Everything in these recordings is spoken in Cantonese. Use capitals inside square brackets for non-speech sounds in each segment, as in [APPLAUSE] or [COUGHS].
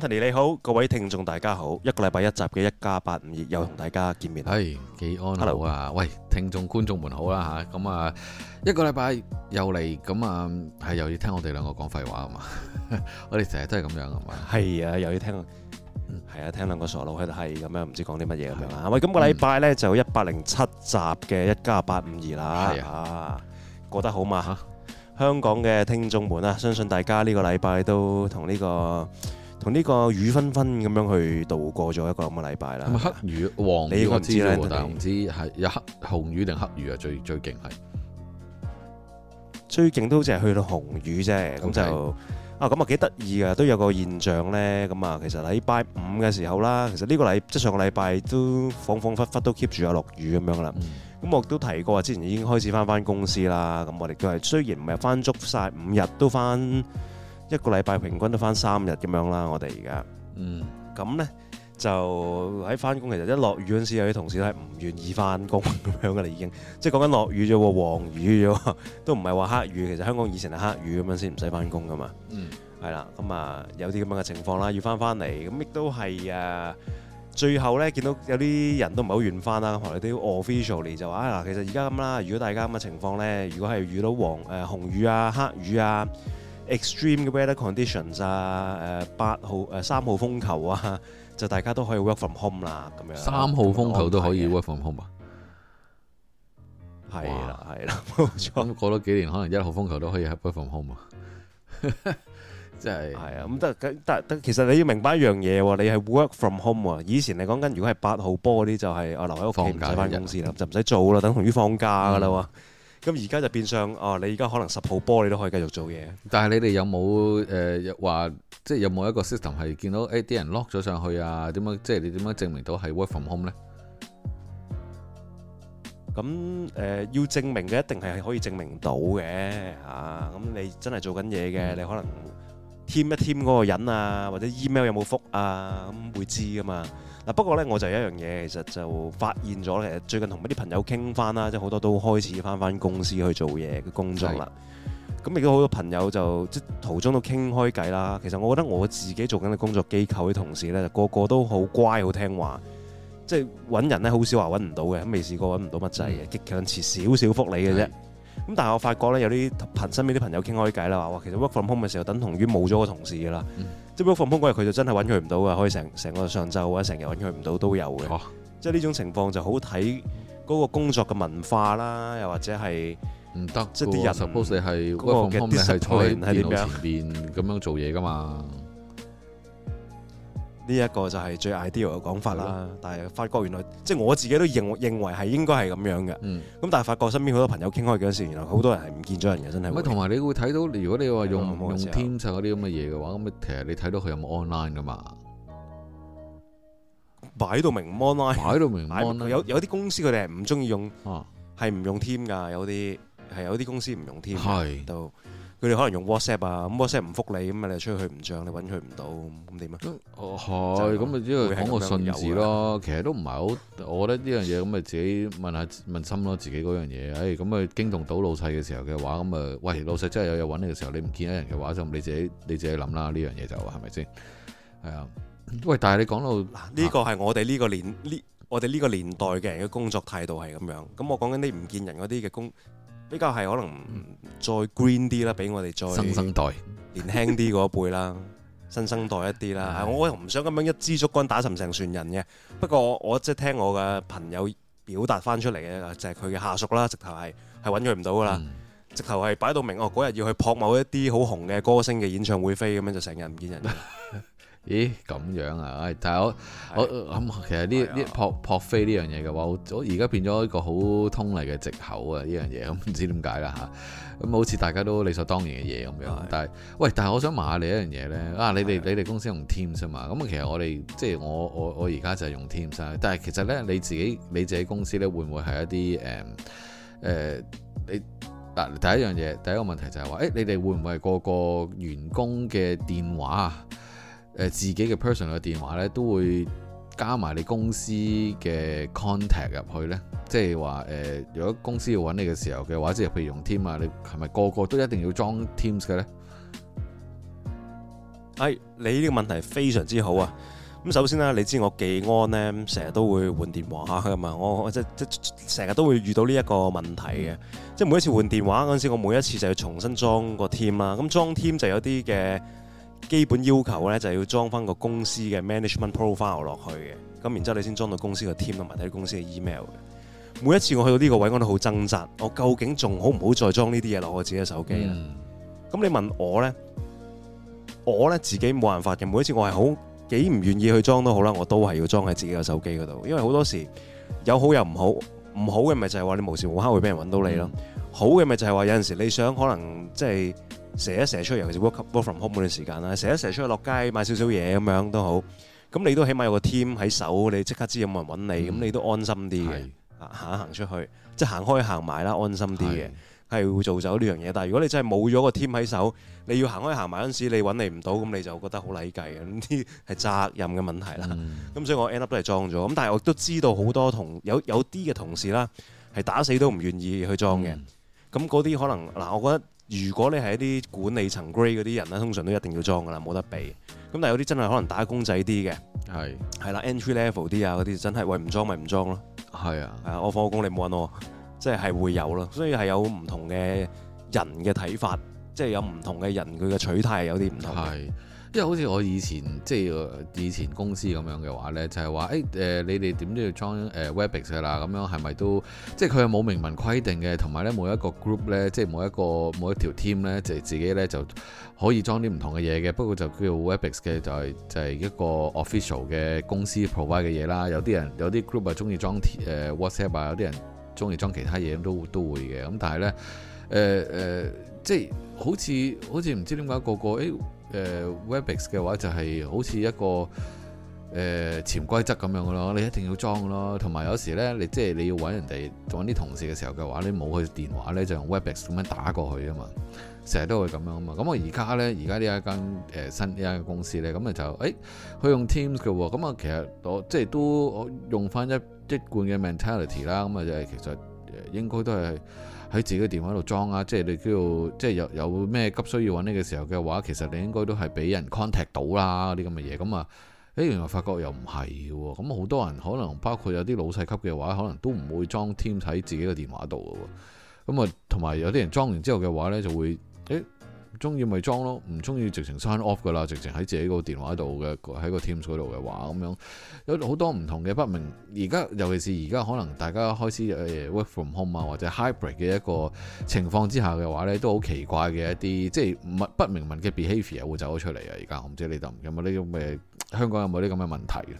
譚尼你好，各位聽眾大家好，一個禮拜一集嘅一加八五二又同大家見面，係幾安好？Hello 啊？喂，聽眾觀眾們好啦吓，咁啊一個禮拜又嚟，咁啊係又要聽我哋兩個講廢話啊嘛？我哋成日都係咁樣啊嘛，係啊，又要聽，係啊，聽兩個傻佬喺度係咁樣，唔知講啲乜嘢咁樣啊？喂，今個禮拜呢就一百零七集嘅一加八五二啦，啊，過得好嘛吓？香港嘅聽眾們啊，相信大家呢個禮拜都同呢個。同呢個雨紛紛咁樣去度過咗一個咁嘅禮拜啦。係咪黑雨、黃雨？你應該知啦，但係唔知係有黑紅雨定黑雨啊，最最勁係。最勁都好似係去到紅雨啫，咁就啊，咁啊幾得意嘅，都有個現象咧。咁啊，其實禮拜五嘅時候啦，其實呢個禮即、即係、上個禮拜都恍恍惚惚都 keep 住有落雨咁樣啦。咁、嗯、我都提過，之前已經開始翻翻公司啦。咁我哋都係雖然唔係翻足晒，五日，都翻。一個禮拜平均都翻三日咁樣啦，我哋而家，咁、嗯、咧就喺翻工。其實一落雨嗰陣時，有啲同事係唔願意翻工咁樣㗎啦，已經即係講緊落雨啫喎，黃雨啫喎，都唔係話黑雨。其實香港以前係黑雨咁樣先唔使翻工噶嘛，係、嗯、啦。咁啊有啲咁樣嘅情況啦，要翻翻嚟，咁亦都係、啊、最後咧見到有啲人都唔係好願翻啦。咁你都啲 official 嚟就話啊，其實而家咁啦，如果大家咁嘅情況咧，如果係遇到黃誒、呃、紅雨啊、黑雨啊。Extreme 嘅 weather conditions 啊，誒八號誒三號風球啊，就大家都可以 work from home 啦，咁樣。三號風球都可以 work from home 啊？係、嗯、啦，係啦，冇錯。咁過多幾年，可能一號風球都可以 work from home 啊？即係係啊，咁得，但但，但，但其實你要明白一樣嘢喎，你係 work from home 啊。以前你講緊如果係八號波嗰、就、啲、是，就係我留喺屋企唔使返公司啦，就唔使做啦，等同於放假㗎啦喎。嗯咁而家就變相啊！你而家可能十號波你都可以繼續做嘢。但係你哋有冇誒話，即係有冇一個 system 係見到誒啲人 lock 咗上去啊？點樣即係你點樣證明到係 work from home 咧？咁誒要證明嘅一定係可以證明到嘅嚇。咁你真係做緊嘢嘅，你可能添一添嗰個人啊，或者 email 有冇覆啊，咁會知㗎嘛。嗱，不過咧，我就有一樣嘢，其實就發現咗咧。最近同啲朋友傾翻啦，即係好多都開始翻翻公司去做嘢嘅工作啦。咁亦都好多朋友就即途中都傾開偈啦。其實我覺得我自己做緊嘅工作機構嘅同事咧，個個都好乖好聽話，即係揾人咧好少話揾唔到嘅，未試過揾唔到乜滯嘅，極僅遲少少福利嘅啫。咁但係我發覺咧，有啲朋身邊啲朋友傾開偈啦，話，其實 work from home 嘅時候等同於冇咗個同事噶啦。嗯即係不放風鬼日，佢就真係揾佢唔到噶，可以成成個上晝或者成日揾佢唔到都有嘅、啊。即係呢種情況就好睇嗰個工作嘅文化啦，又或者係唔得，即係啲人 suppose 嘅 diss 係坐喺電腦前邊咁樣做嘢噶嘛。呢一個就係最 ideal 嘅講法啦，但係發覺原來即係我自己都認認為係應該係咁樣嘅。咁但係發覺身邊好多朋友傾開嘅嗰時，原來好多人係唔見咗人嘅，真係。咁同埋你會睇到，如果你話用用 Teams 嗰啲咁嘅嘢嘅話，咁其實你睇到佢有冇 online 噶嘛？擺到明 online，擺到明 online。有有啲公司佢哋係唔中意用，係唔用 Teams 噶。有啲係有啲公司唔用 Teams。佢哋可能用 WhatsApp 啊，咁 WhatsApp 唔覆你，咁啊你出去唔漲，你揾佢唔到，咁點啊？哦、嗯，係、呃，咁、就、咪、是，主要講個信字咯。其實都唔係好，我覺得呢樣嘢咁咪自己問下問心咯，自己嗰樣嘢。誒、哎，咁啊，驚動到老細嘅時候嘅話，咁啊，喂，老細真係有嘢揾你嘅時候，你唔見人嘅話，就你自己你自己諗啦。呢樣嘢就係咪先？係啊。喂，但係你講到呢個係我哋呢個年呢、啊，我哋呢個年代嘅人嘅工作態度係咁樣。咁我講緊啲唔見人嗰啲嘅工。比較係可能再 green 啲啦，俾我哋再新生，生代年輕啲嗰一輩啦，新生代一啲啦。我唔想咁樣一支竹竿打沉成船人嘅。不過我即係聽我嘅朋友表達翻出嚟嘅就係佢嘅下屬啦，直頭係係搵佢唔到㗎喇，是的嗯、直頭係擺到明，明哦，嗰日要去撲某一啲好紅嘅歌星嘅演唱會飛咁樣就成日唔見人。 [LAUGHS] 咦咁樣啊？但係我我諗其實呢呢撲撲飛呢樣嘢嘅話，我而家變咗一個好通例嘅藉口啊！呢樣嘢咁唔知點解啦嚇咁好似大家都理所當然嘅嘢咁樣。但係喂，但係我想問，問下你一樣嘢咧啊！你哋、啊、你哋公司用 Teams 啊嘛？咁、嗯啊、其實我哋即係我我我而家就係用 Teams 但係其實咧你自己你自己公司咧會唔會係一啲誒誒你啊？第一樣嘢第一個問題就係話誒，你哋會唔會係個個員工嘅電話啊？誒自己嘅 personal 嘅電話咧，都會加埋你公司嘅 contact 入去咧。即係話誒，如果公司要揾你嘅時候嘅話，即係譬如用 team 啊，你係咪個個都一定要裝 Teams 嘅咧？係、哎，你呢個問題非常之好啊！咁首先啦，你知我寄安咧，成日都會換電話嘅嘛，我即即成日都會遇到呢一個問題嘅。即係每一次換電話嗰陣時，我每一次就要重新裝個 team 啦。咁裝 team 就有啲嘅。基本要求咧就係、是、要裝翻個公司嘅 management profile 落去嘅，咁然之後你先裝到公司嘅 team 同埋睇公司嘅 email 嘅、yeah.。每一次我去到呢個位，我都好掙扎，我究竟仲好唔好再裝呢啲嘢落我自己嘅手機咧？咁你問我咧，我咧自己冇辦法嘅。每一次我係好幾唔願意去裝都好啦，我都係要裝喺自己嘅手機嗰度，因為好多時有好有唔好，唔好嘅咪就係話你無時無刻會俾人揾到你咯，mm. 好嘅咪就係話有陣時你想可能即係。蛇一蛇出去，尤其是 work from home 嗰段時間啦，蛇一蛇出去落街買少少嘢咁樣都好。咁你都起碼有個 team 喺手，你即刻知有冇人揾你，咁、嗯、你都安心啲嘅。行一行出去，即係行開行埋啦，安心啲嘅，係會做走呢樣嘢。但係如果你真係冇咗個 team 喺手、嗯，你要行開行埋嗰陣時，你揾你唔到，咁你就覺得好理虧嘅，呢啲係責任嘅問題啦。咁、嗯、所以我 end up 都係裝咗。咁但係我都知道好多同有有啲嘅同事啦，係打死都唔願意去裝嘅。嗯咁嗰啲可能嗱、啊，我覺得如果你係一啲管理層 grade 嗰啲人咧，通常都一定要裝噶啦，冇得避。咁但係有啲真係可能打工仔啲嘅，係係啦，entry level 啲啊嗰啲真係喂，唔裝咪唔裝咯。係啊，係啊，我放我工你冇問我，即係係會有咯。所以係有唔同嘅人嘅睇法，嗯、即係有唔同嘅人佢嘅取態有啲唔同。是即係好似我以前即係以前公司咁樣嘅話咧，就係話誒誒，你哋點都要裝誒 Webex 嘅啦。咁、呃、樣係咪都即係佢係冇明文規定嘅，同埋咧每一個 group 咧，即係每一個每一條 team 咧，就係自己咧就可以裝啲唔同嘅嘢嘅。不過就叫做 Webex 嘅，就係就係一個 official 嘅公司 provide 嘅嘢啦。有啲人有啲 group 啊，中意裝誒 WhatsApp 啊，有啲、呃、人中意裝其他嘢咁都都會嘅。咁但係咧誒誒，即係好似好似唔知點解個個誒。哎誒 Webex 嘅話就係好似一個誒潛規則咁樣嘅咯，你一定要裝嘅咯。同埋有，有時咧，你即係你要揾人哋，揾啲同事嘅時候嘅話，你冇佢電話咧，就用 Webex 咁樣打過去啊嘛。成日都會咁樣啊嘛。咁我而家咧，而、呃、家呢一間誒新呢間公司咧，咁啊就誒佢、哎、用 Teams 嘅喎。咁啊其實我即係都我用翻一一貫嘅 mentality 啦。咁啊就係其實。應該都係喺自己嘅電話度裝啊！即係你都要，即係有有咩急需要揾你嘅時候嘅話，其實你應該都係俾人 contact 到啦啲咁嘅嘢。咁啊，誒原來發覺又唔係喎。咁好多人可能包括有啲老細級嘅話，可能都唔會裝 Teams 喺自己嘅電話度喎。咁啊，同埋有啲人裝完之後嘅話呢，就會誒。誒中意咪裝咯，唔中意直情刪 off 噶啦，直情喺自己個電話度嘅，喺個 Teams 嗰度嘅話咁樣，有好多唔同嘅不明。而家尤其是而家可能大家開始誒 work from home 啊，或者 hybrid 嘅一個情況之下嘅話咧，都好奇怪嘅一啲，即係唔係不明文嘅 behavior 會走咗出嚟啊！而家我唔知你有冇呢種嘅香港有冇啲咁嘅問題嘅？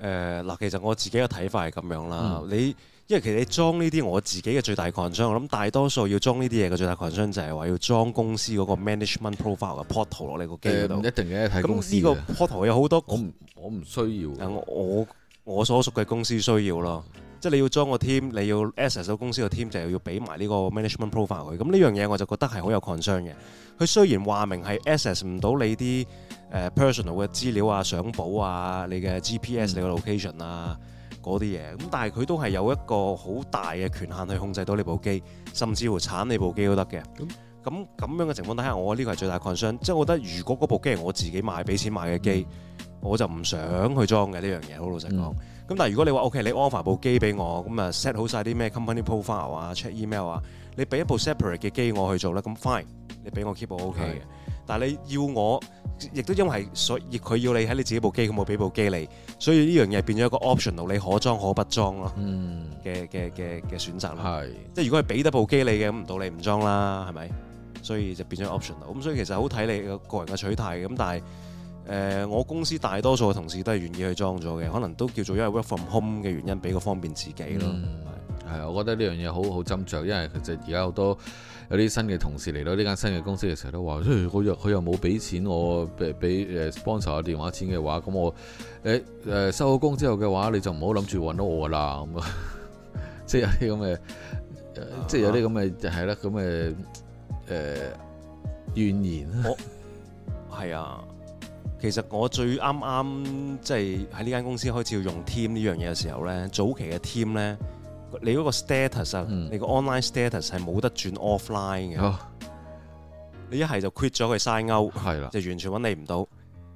誒、呃、嗱，其實我自己嘅睇法係咁樣啦、嗯，你。因為其實你裝呢啲，我自己嘅最大 concern，我諗大多數要裝呢啲嘢嘅最大 concern 就係話要裝公司嗰個 management profile 嘅 portal 落你個機度、嗯，一定嘅睇公司。咁個 portal 有好多我，我唔需要。我我所屬嘅公司需要咯，即係你要裝個 team，你要 access 到公司個 team，就係要俾埋呢個 management profile 佢。咁呢樣嘢我就覺得係好有 concern 嘅。佢雖然話明係 access 唔到你啲誒 personal 嘅資料啊、相簿啊、你嘅 GPS、你嘅 location 啊。嗯嗰啲嘢，咁但係佢都係有一個好大嘅權限去控制到你部機，甚至乎鏟你部機都得嘅。咁咁咁樣嘅情況底下，我呢個係最大 concern，即係我覺得如果嗰部機係我自己買、俾錢買嘅機、嗯，我就唔想去裝嘅呢樣嘢。好、這個、老實講。咁、嗯、但係如果你話 OK，你 offer 部機俾我，咁啊 set 好晒啲咩 company profile 啊、check email 啊，你俾一部 separate 嘅機我去做啦。咁 fine，你俾我 keep 好 OK 嘅、okay.。但係你要我，亦都因為所，亦佢要你喺你自己部機，佢冇俾部機你，所以呢樣嘢變咗一個 optional 你可裝可不裝咯，嘅嘅嘅嘅選擇咯，即係如果係俾得部機你嘅，咁唔到你唔裝啦，係咪？所以就變咗 optional，咁所以其實好睇你個人嘅取態。咁但係，誒、呃，我公司大多數嘅同事都係願意去裝咗嘅，可能都叫做因為 work from home 嘅原因，比較方便自己咯。係、嗯、啊，我覺得呢樣嘢好好斟酌，因為其實而家好多。有啲新嘅同事嚟到呢間新嘅公司嘅時候都話，佢、哎、又佢又冇俾錢我，俾俾誒幫手嘅電話錢嘅話，咁我誒誒收好工之後嘅話，你就唔好諗住搵到我噶啦，咁啊，即係有啲咁嘅，即係有啲咁嘅係啦，咁嘅誒怨言。我係啊，其實我最啱啱即係喺呢間公司開始要用 Team 呢樣嘢嘅時候咧，早期嘅 Team 咧。你嗰個 status 啊，嗯、你個 online status 係冇得轉 offline 嘅、哦。你一係就 quit 咗佢 sign out，係啦，就完全揾你唔到。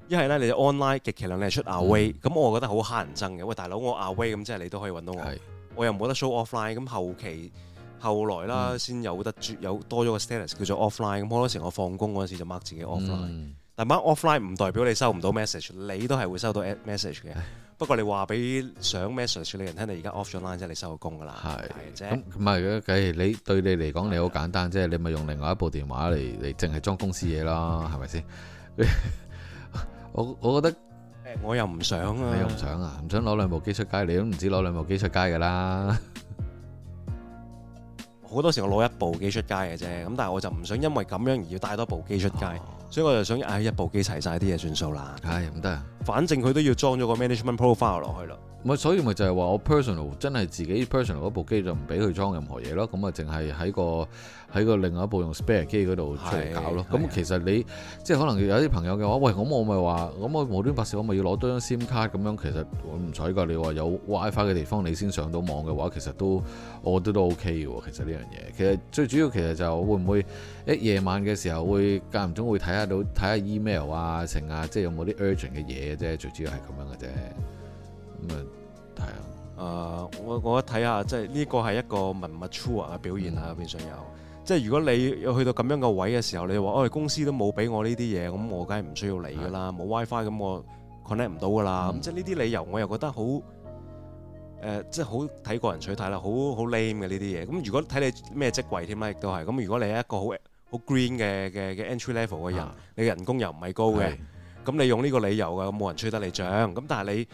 一係咧，你 online 極其量你係出 away、嗯，咁我覺得好乞人憎嘅。喂，大佬，我 away 咁即係你都可以揾到我，我又冇得 show offline。咁後期後來啦，先、嗯、有得有多咗個 status 叫做 offline。咁好多時我放工嗰陣時就 mark 自己 offline、嗯。但 mark offline 唔代表你收唔到 message，你都係會收到 message 嘅。不過你話俾上 message 你人聽，你而家 off 咗 line 啫，你收咗工噶啦，係啫。咁唔係如果你對你嚟講你好簡單啫，你咪用另外一部電話嚟嚟淨係裝公司嘢咯，係咪先？ [LAUGHS] 我我覺得，我又唔想啊，你又唔想啊？唔想攞兩部機出街，你都唔止攞兩部機出街噶啦。好多時我攞一部機出街嘅啫，咁但係我就唔想因為咁樣而要帶多部機出街。啊所以我就想，唉，一部機齊晒啲嘢算數啦，唉，唔得呀，反正佢都要裝咗個 management profile 落去啦。咪所以咪就係話我 personal 真係自己 personal 嗰部機就唔俾佢裝任何嘢咯，咁啊淨係喺個喺個另外一部用 spare 機嗰度出嚟搞咯。咁其實你即係可能有啲朋友嘅話，喂，咁我咪話，咁我無端端白事，我咪要攞多張 SIM 卡咁樣，其實我唔採㗎。你話有 WiFi 嘅地方你先上到網嘅話，其實都我覺得都 OK 嘅。其實呢樣嘢，其實最主要其實就會唔會喺夜晚嘅時候會間唔中會睇下到睇下 email 啊，成啊，即係有冇啲 urgent 嘅嘢啫，最主要係咁樣嘅啫。咁啊，係啊，誒，我我睇下，即係呢個係一個唔 mature 嘅表現啊。面上有，即係如果你要去到咁樣嘅位嘅時候，你話：喂，我哋公司都冇俾我呢啲嘢，咁我梗係唔需要嚟噶啦。冇 WiFi，咁我 connect 唔到噶啦。咁即係呢啲理由，我又覺得好誒，即係好睇個人取態啦。好好 lame 嘅呢啲嘢。咁如果睇你咩職位添啦，亦都係。咁如果你係一個好好 green 嘅嘅嘅 entry level 嘅人，你人工又唔係高嘅，咁你用呢個理由嘅，咁冇人吹得你漲。咁但係你。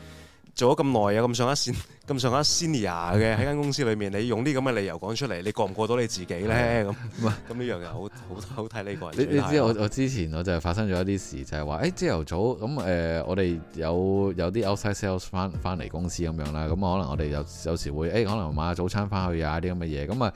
做咗咁耐啊，咁上一線。咁上下 senior 嘅喺間公司裏面，你用啲咁嘅理由講出嚟，你過唔過到你自己咧？咁咁呢樣嘢好好好睇呢個。你你知我我之前我就發生咗一啲事，就係話誒朝頭早咁誒、呃、我哋有有啲 outside sales 翻翻嚟公司咁樣啦，咁可能我哋有有時會誒、欸、可能買下早餐翻去啊啲咁嘅嘢，咁啊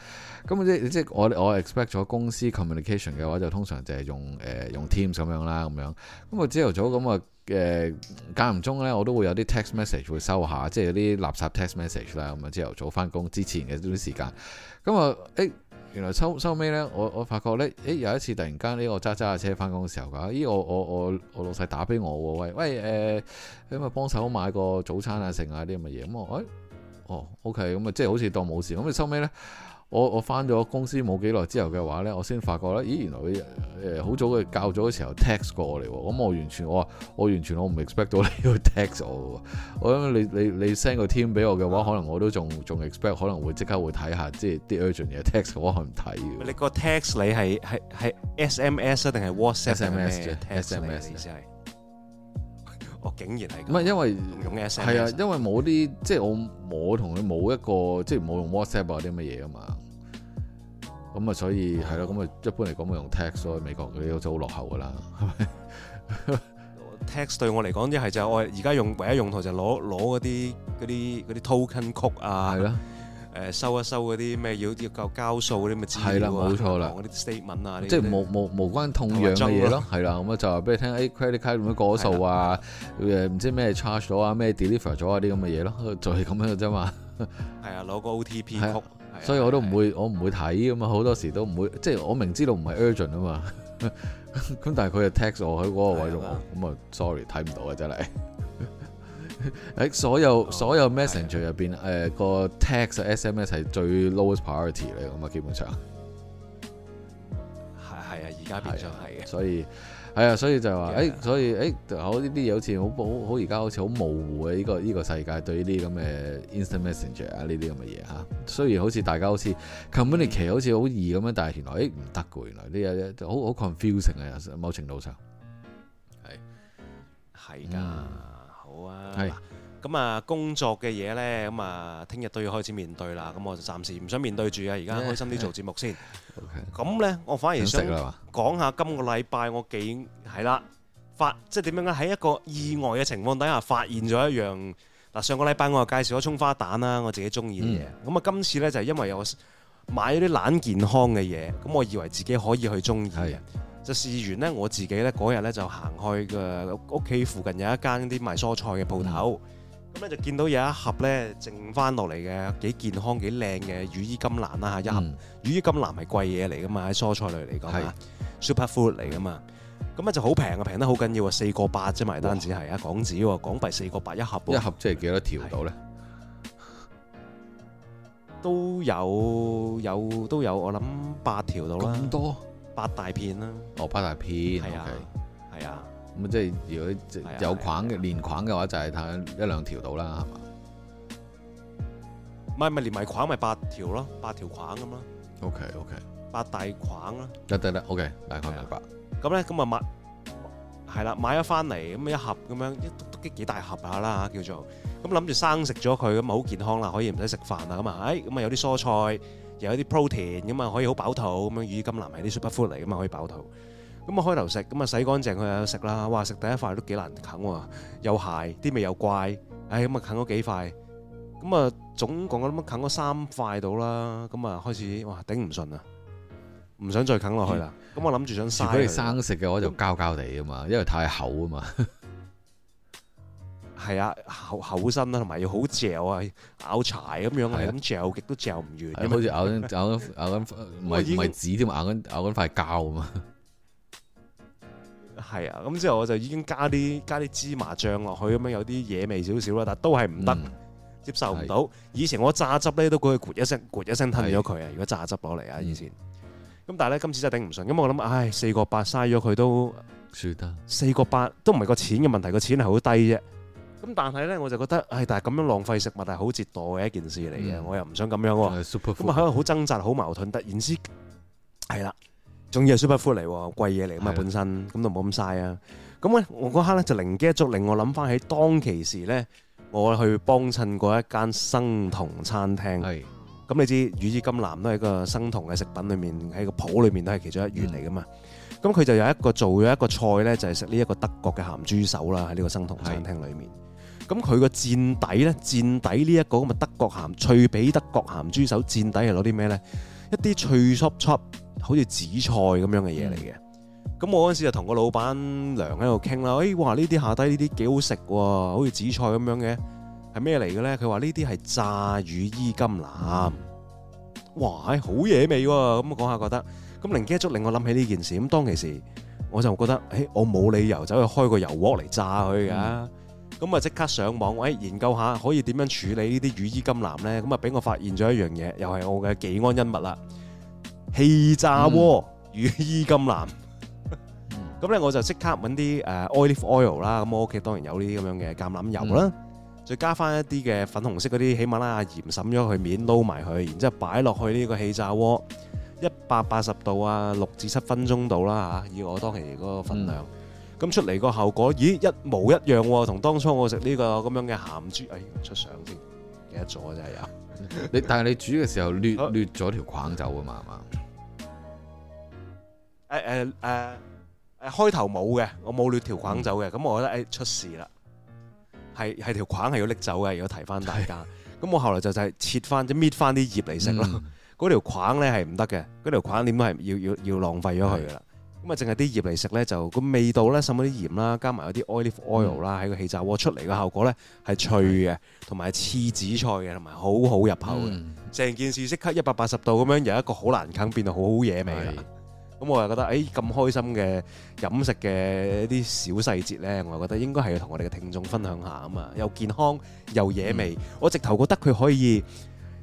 咁即即係我我 expect 咗公司 communication 嘅話，就通常就係用誒、呃、用 Teams 咁樣啦咁樣咁啊朝頭早咁啊誒間唔中咧，我都會有啲 text message 會收下，即係啲垃圾 text message 啦咁啊，朝頭早翻工之前嘅啲時間，咁啊誒，原來收收尾咧，我我發覺咧，誒、欸，有一次突然間呢，我揸揸下車翻工嘅時候噶，咦，我我我我老細打俾我，喂喂誒，咁、欸、啊幫手買個早餐啊，剩下啲咁嘅嘢，咁我誒、欸，哦，OK，咁啊即係好似當冇事，咁你收尾咧。我我翻咗公司冇幾耐之後嘅話咧，我先發覺咧，咦，原來佢誒好早嘅較早嘅時候、嗯、text 過嚟，咁我完全我話，我完全我唔 expect 到你要 text 我，我諗你你你 send 個 team 俾我嘅話、嗯，可能我都仲仲 expect 可能會即刻會睇下，即係啲 urgent 嘢 text 我可能唔睇。你個 text 你係係係 sms 啊，定係 whatsapp sms 啫，sms, SMS 意思係。我、哦、竟然係咁，唔係因為係啊，因為冇啲、嗯、即係我我同佢冇一個即唔好用 WhatsApp 啊啲乜嘢啊嘛，咁啊所以係咯，咁、哦、啊一般嚟講我用 Text 所以美國嗰啲就好落後噶啦，係、嗯、咪 [LAUGHS] ？Text 對我嚟講一係就我而家用唯一用途就攞攞嗰啲嗰啲嗰啲 token code 啊。係咯。誒收一收嗰啲咩要要夠交，交數嗰啲咁嘅資料啊，係啦，冇錯啦，嗰啲 statement 啊，即係無無無關痛癢嘅嘢咯，係啦，咁 [LAUGHS] 啊就話俾你聽，誒、哎、credit card 咁樣過咗數啊，誒唔知咩 charge 咗啊，咩 deliver 咗啊啲咁嘅嘢咯，就係、是、咁樣嘅啫嘛。係啊，攞個 OTP 喎，所以我都唔會，了我唔會睇咁嘛。好多時都唔會，即係、就是、我明知道唔係 urgent 啊嘛，咁 [LAUGHS] 但係佢就 text 我喺嗰個位度，咁啊 sorry 睇唔到啊真係。誒， [LAUGHS] 所有、oh, 所有 messenger 入邊誒個、yeah. 呃、text、sms 係最 lowest priority 嚟咁啊，基本上係係、yeah, yeah, 啊，而家變咗係，所以係啊，所以就話誒、yeah. 欸，所以誒、欸，好呢啲好似好好好，而家好似好，好模糊嘅呢、這個呢、這個世界對呢啲咁嘅 instant messenger 啊呢啲咁嘅嘢吓，雖然好似大家好似 communicate 好似好易咁樣，但係原來誒唔得噶，原來啲嘢好好 confusing 啊，某程度上係係噶。好啊，嗱，咁啊工作嘅嘢咧，咁啊聽日都要開始面對啦，咁我就暫時唔想面對住啊，而家開心啲做節目先。咁咧，我反而想講下今個禮拜我幾係啦，發即係點樣咧？喺一個意外嘅情況底下發現咗一樣。嗱，上個禮拜我又介紹咗蔥花蛋啦，我自己中意嘅嘢。咁啊，今次咧就係因為有買咗啲懶健康嘅嘢，咁我以為自己可以去中意。就試完咧，我自己咧嗰日咧就行開嘅屋企附近有一間啲賣蔬菜嘅鋪頭，咁、嗯、咧就見到有一盒咧剩翻落嚟嘅幾健康幾靚嘅羽衣甘藍啦、啊、嚇一盒羽、嗯、衣甘藍係貴嘢嚟噶嘛，喺蔬菜類嚟講係 super food 嚟㗎嘛，咁啊就好平啊，平得好緊要啊，四個八啫，埋單止係啊港紙喎，港幣四個八一盒喎、啊、一盒即係幾多條到咧？都有有都有我，我諗八條到啦咁多。八大片啦、啊，哦，八大片，OK，係啊，咁、啊、即係如果有框嘅、啊啊、連框嘅話就係睇一兩條到啦，係嘛？唔係唔係連埋框咪八條咯，八條框咁咯，OK OK，八大框啦，得得得，OK，大框廿八，咁咧咁啊買係啦，買咗翻嚟咁啊一盒咁樣一都都幾大盒下啦，叫做咁諗住生食咗佢咁啊好健康啦，可以唔使食飯啦咁啊，哎咁啊有啲蔬菜。有一啲 protein 咁啊，可以好飽肚咁樣。羽衣甘藍係啲 superfood 嚟噶嘛，可以飽肚。咁啊，開頭食咁啊，洗乾淨佢又食啦、哎。哇，食第一塊都幾難啃喎，又鞋啲味又怪。唉，咁啊，啃咗幾塊，咁啊，總共我諗，啃咗三塊到啦。咁啊，開始哇，頂唔順啊，唔想再啃落去啦。咁我諗住想嘥。如果你生食嘅話，就膠膠地啊嘛，因為太厚啊嘛。 [LAUGHS] 係啊，厚厚身啦，同埋要好嚼啊，咬柴咁樣啊，咁嚼極都嚼唔完，啊。好似咬咬咬緊唔係唔係紙添，咬緊咬緊塊膠咁啊。係啊，咁之後我就已經加啲加啲芝麻醬落去，咁樣有啲野味少少啦，但都係唔得，接受唔到，啊。以前我榨汁咧，都過去豁一聲豁一聲吞咗佢啊！如果榨汁攞嚟啊，以前。咁、嗯、但係咧，今次真係頂唔順。咁我諗，唉，四個八嘥咗佢都，算得。四個八都唔係個錢嘅問題，個錢係好低啫。咁但係咧，我就覺得係，但係咁樣浪費食物係好折墮嘅一件事嚟嘅。我又唔想咁樣喎，咁啊喺度好掙扎，好矛盾。突然之係啦，仲要係 super food 嚟喎，貴嘢嚟啊嘛，本身咁都冇咁嘥啊。咁咧，我嗰刻咧就靈機一觸，令我諗翻起當其時咧，我去幫襯過一間生酮餐廳係。咁你知羽衣甘藍都喺個生酮嘅食品裏面，喺個譜裏面都係其中一員嚟噶嘛。咁佢就有一個做咗一個菜咧，就係食呢一個德國嘅鹹豬手啦，喺呢個生酮餐廳裏面。咁佢個蘸底咧，蘸底呢一個咁嘅德國鹹脆比德國鹹豬手蘸底係攞啲咩咧？一啲脆 t o 好似紫菜咁樣嘅嘢嚟嘅。咁、嗯、我嗰陣時就同個老闆娘喺度傾啦，哎，哇！呢啲下低呢啲幾好食喎，好似紫菜咁樣嘅，係咩嚟嘅咧？佢話呢啲係炸魚衣金籃。哇！好嘢味喎，我講下覺得。咁零雞足令我諗起呢件事，咁當其時我就覺得，哎，我冇理由走去開個油鍋嚟炸佢㗎。嗯。咁啊，即刻上網，哎，研究下可以點樣處理呢啲羽衣甘藍咧？咁啊，俾我發現咗一樣嘢，又係我嘅技安恩物啦，氣炸鍋羽衣甘藍。咁咧，我就即刻揾啲誒 olive oil 啦，咁我屋企當然有呢啲咁樣嘅橄欖油啦，再加翻一啲嘅粉紅色嗰啲喜馬拉雅鹽，揼咗佢面撈埋佢，然之後擺落去呢個氣炸鍋，一百八十度啊，六至七分鐘度啦嚇，以我當時嗰個份量。咁出嚟個效果，咦，一模一樣喎，哦，同當初我食呢個咁樣嘅鹹豬，哎出相先，記得咗真係有你。你 [LAUGHS] 但係你煮嘅時候捏，攣攣咗條框走啊嘛，係、啊、嘛？誒誒誒誒，開頭冇嘅，我冇攣條框走嘅，咁、嗯、我覺得誒、哎、出事啦，係係條框係要拎走嘅，要提翻大家。咁我後來就就係切翻即搣翻啲葉嚟食咯。嗰、嗯、條框咧係唔得嘅，嗰條框點都係要要要浪費咗佢啦。咁啊，淨係啲葉嚟食呢，就個味道呢，滲咗啲鹽啦，加埋嗰啲 olive oil 啦、嗯，喺個氣炸鍋出嚟嘅效果呢，係脆嘅，同埋係似紫菜嘅，同埋好好入口嘅。成、嗯、件事即刻一百八十度咁樣由一個好難啃變到好好惹味啦。咁我又覺得，誒、欸、咁開心嘅飲食嘅一啲小細節呢，我又覺得應該係要同我哋嘅聽眾分享下啊嘛，又健康又惹味，嗯、我直頭覺得佢可以。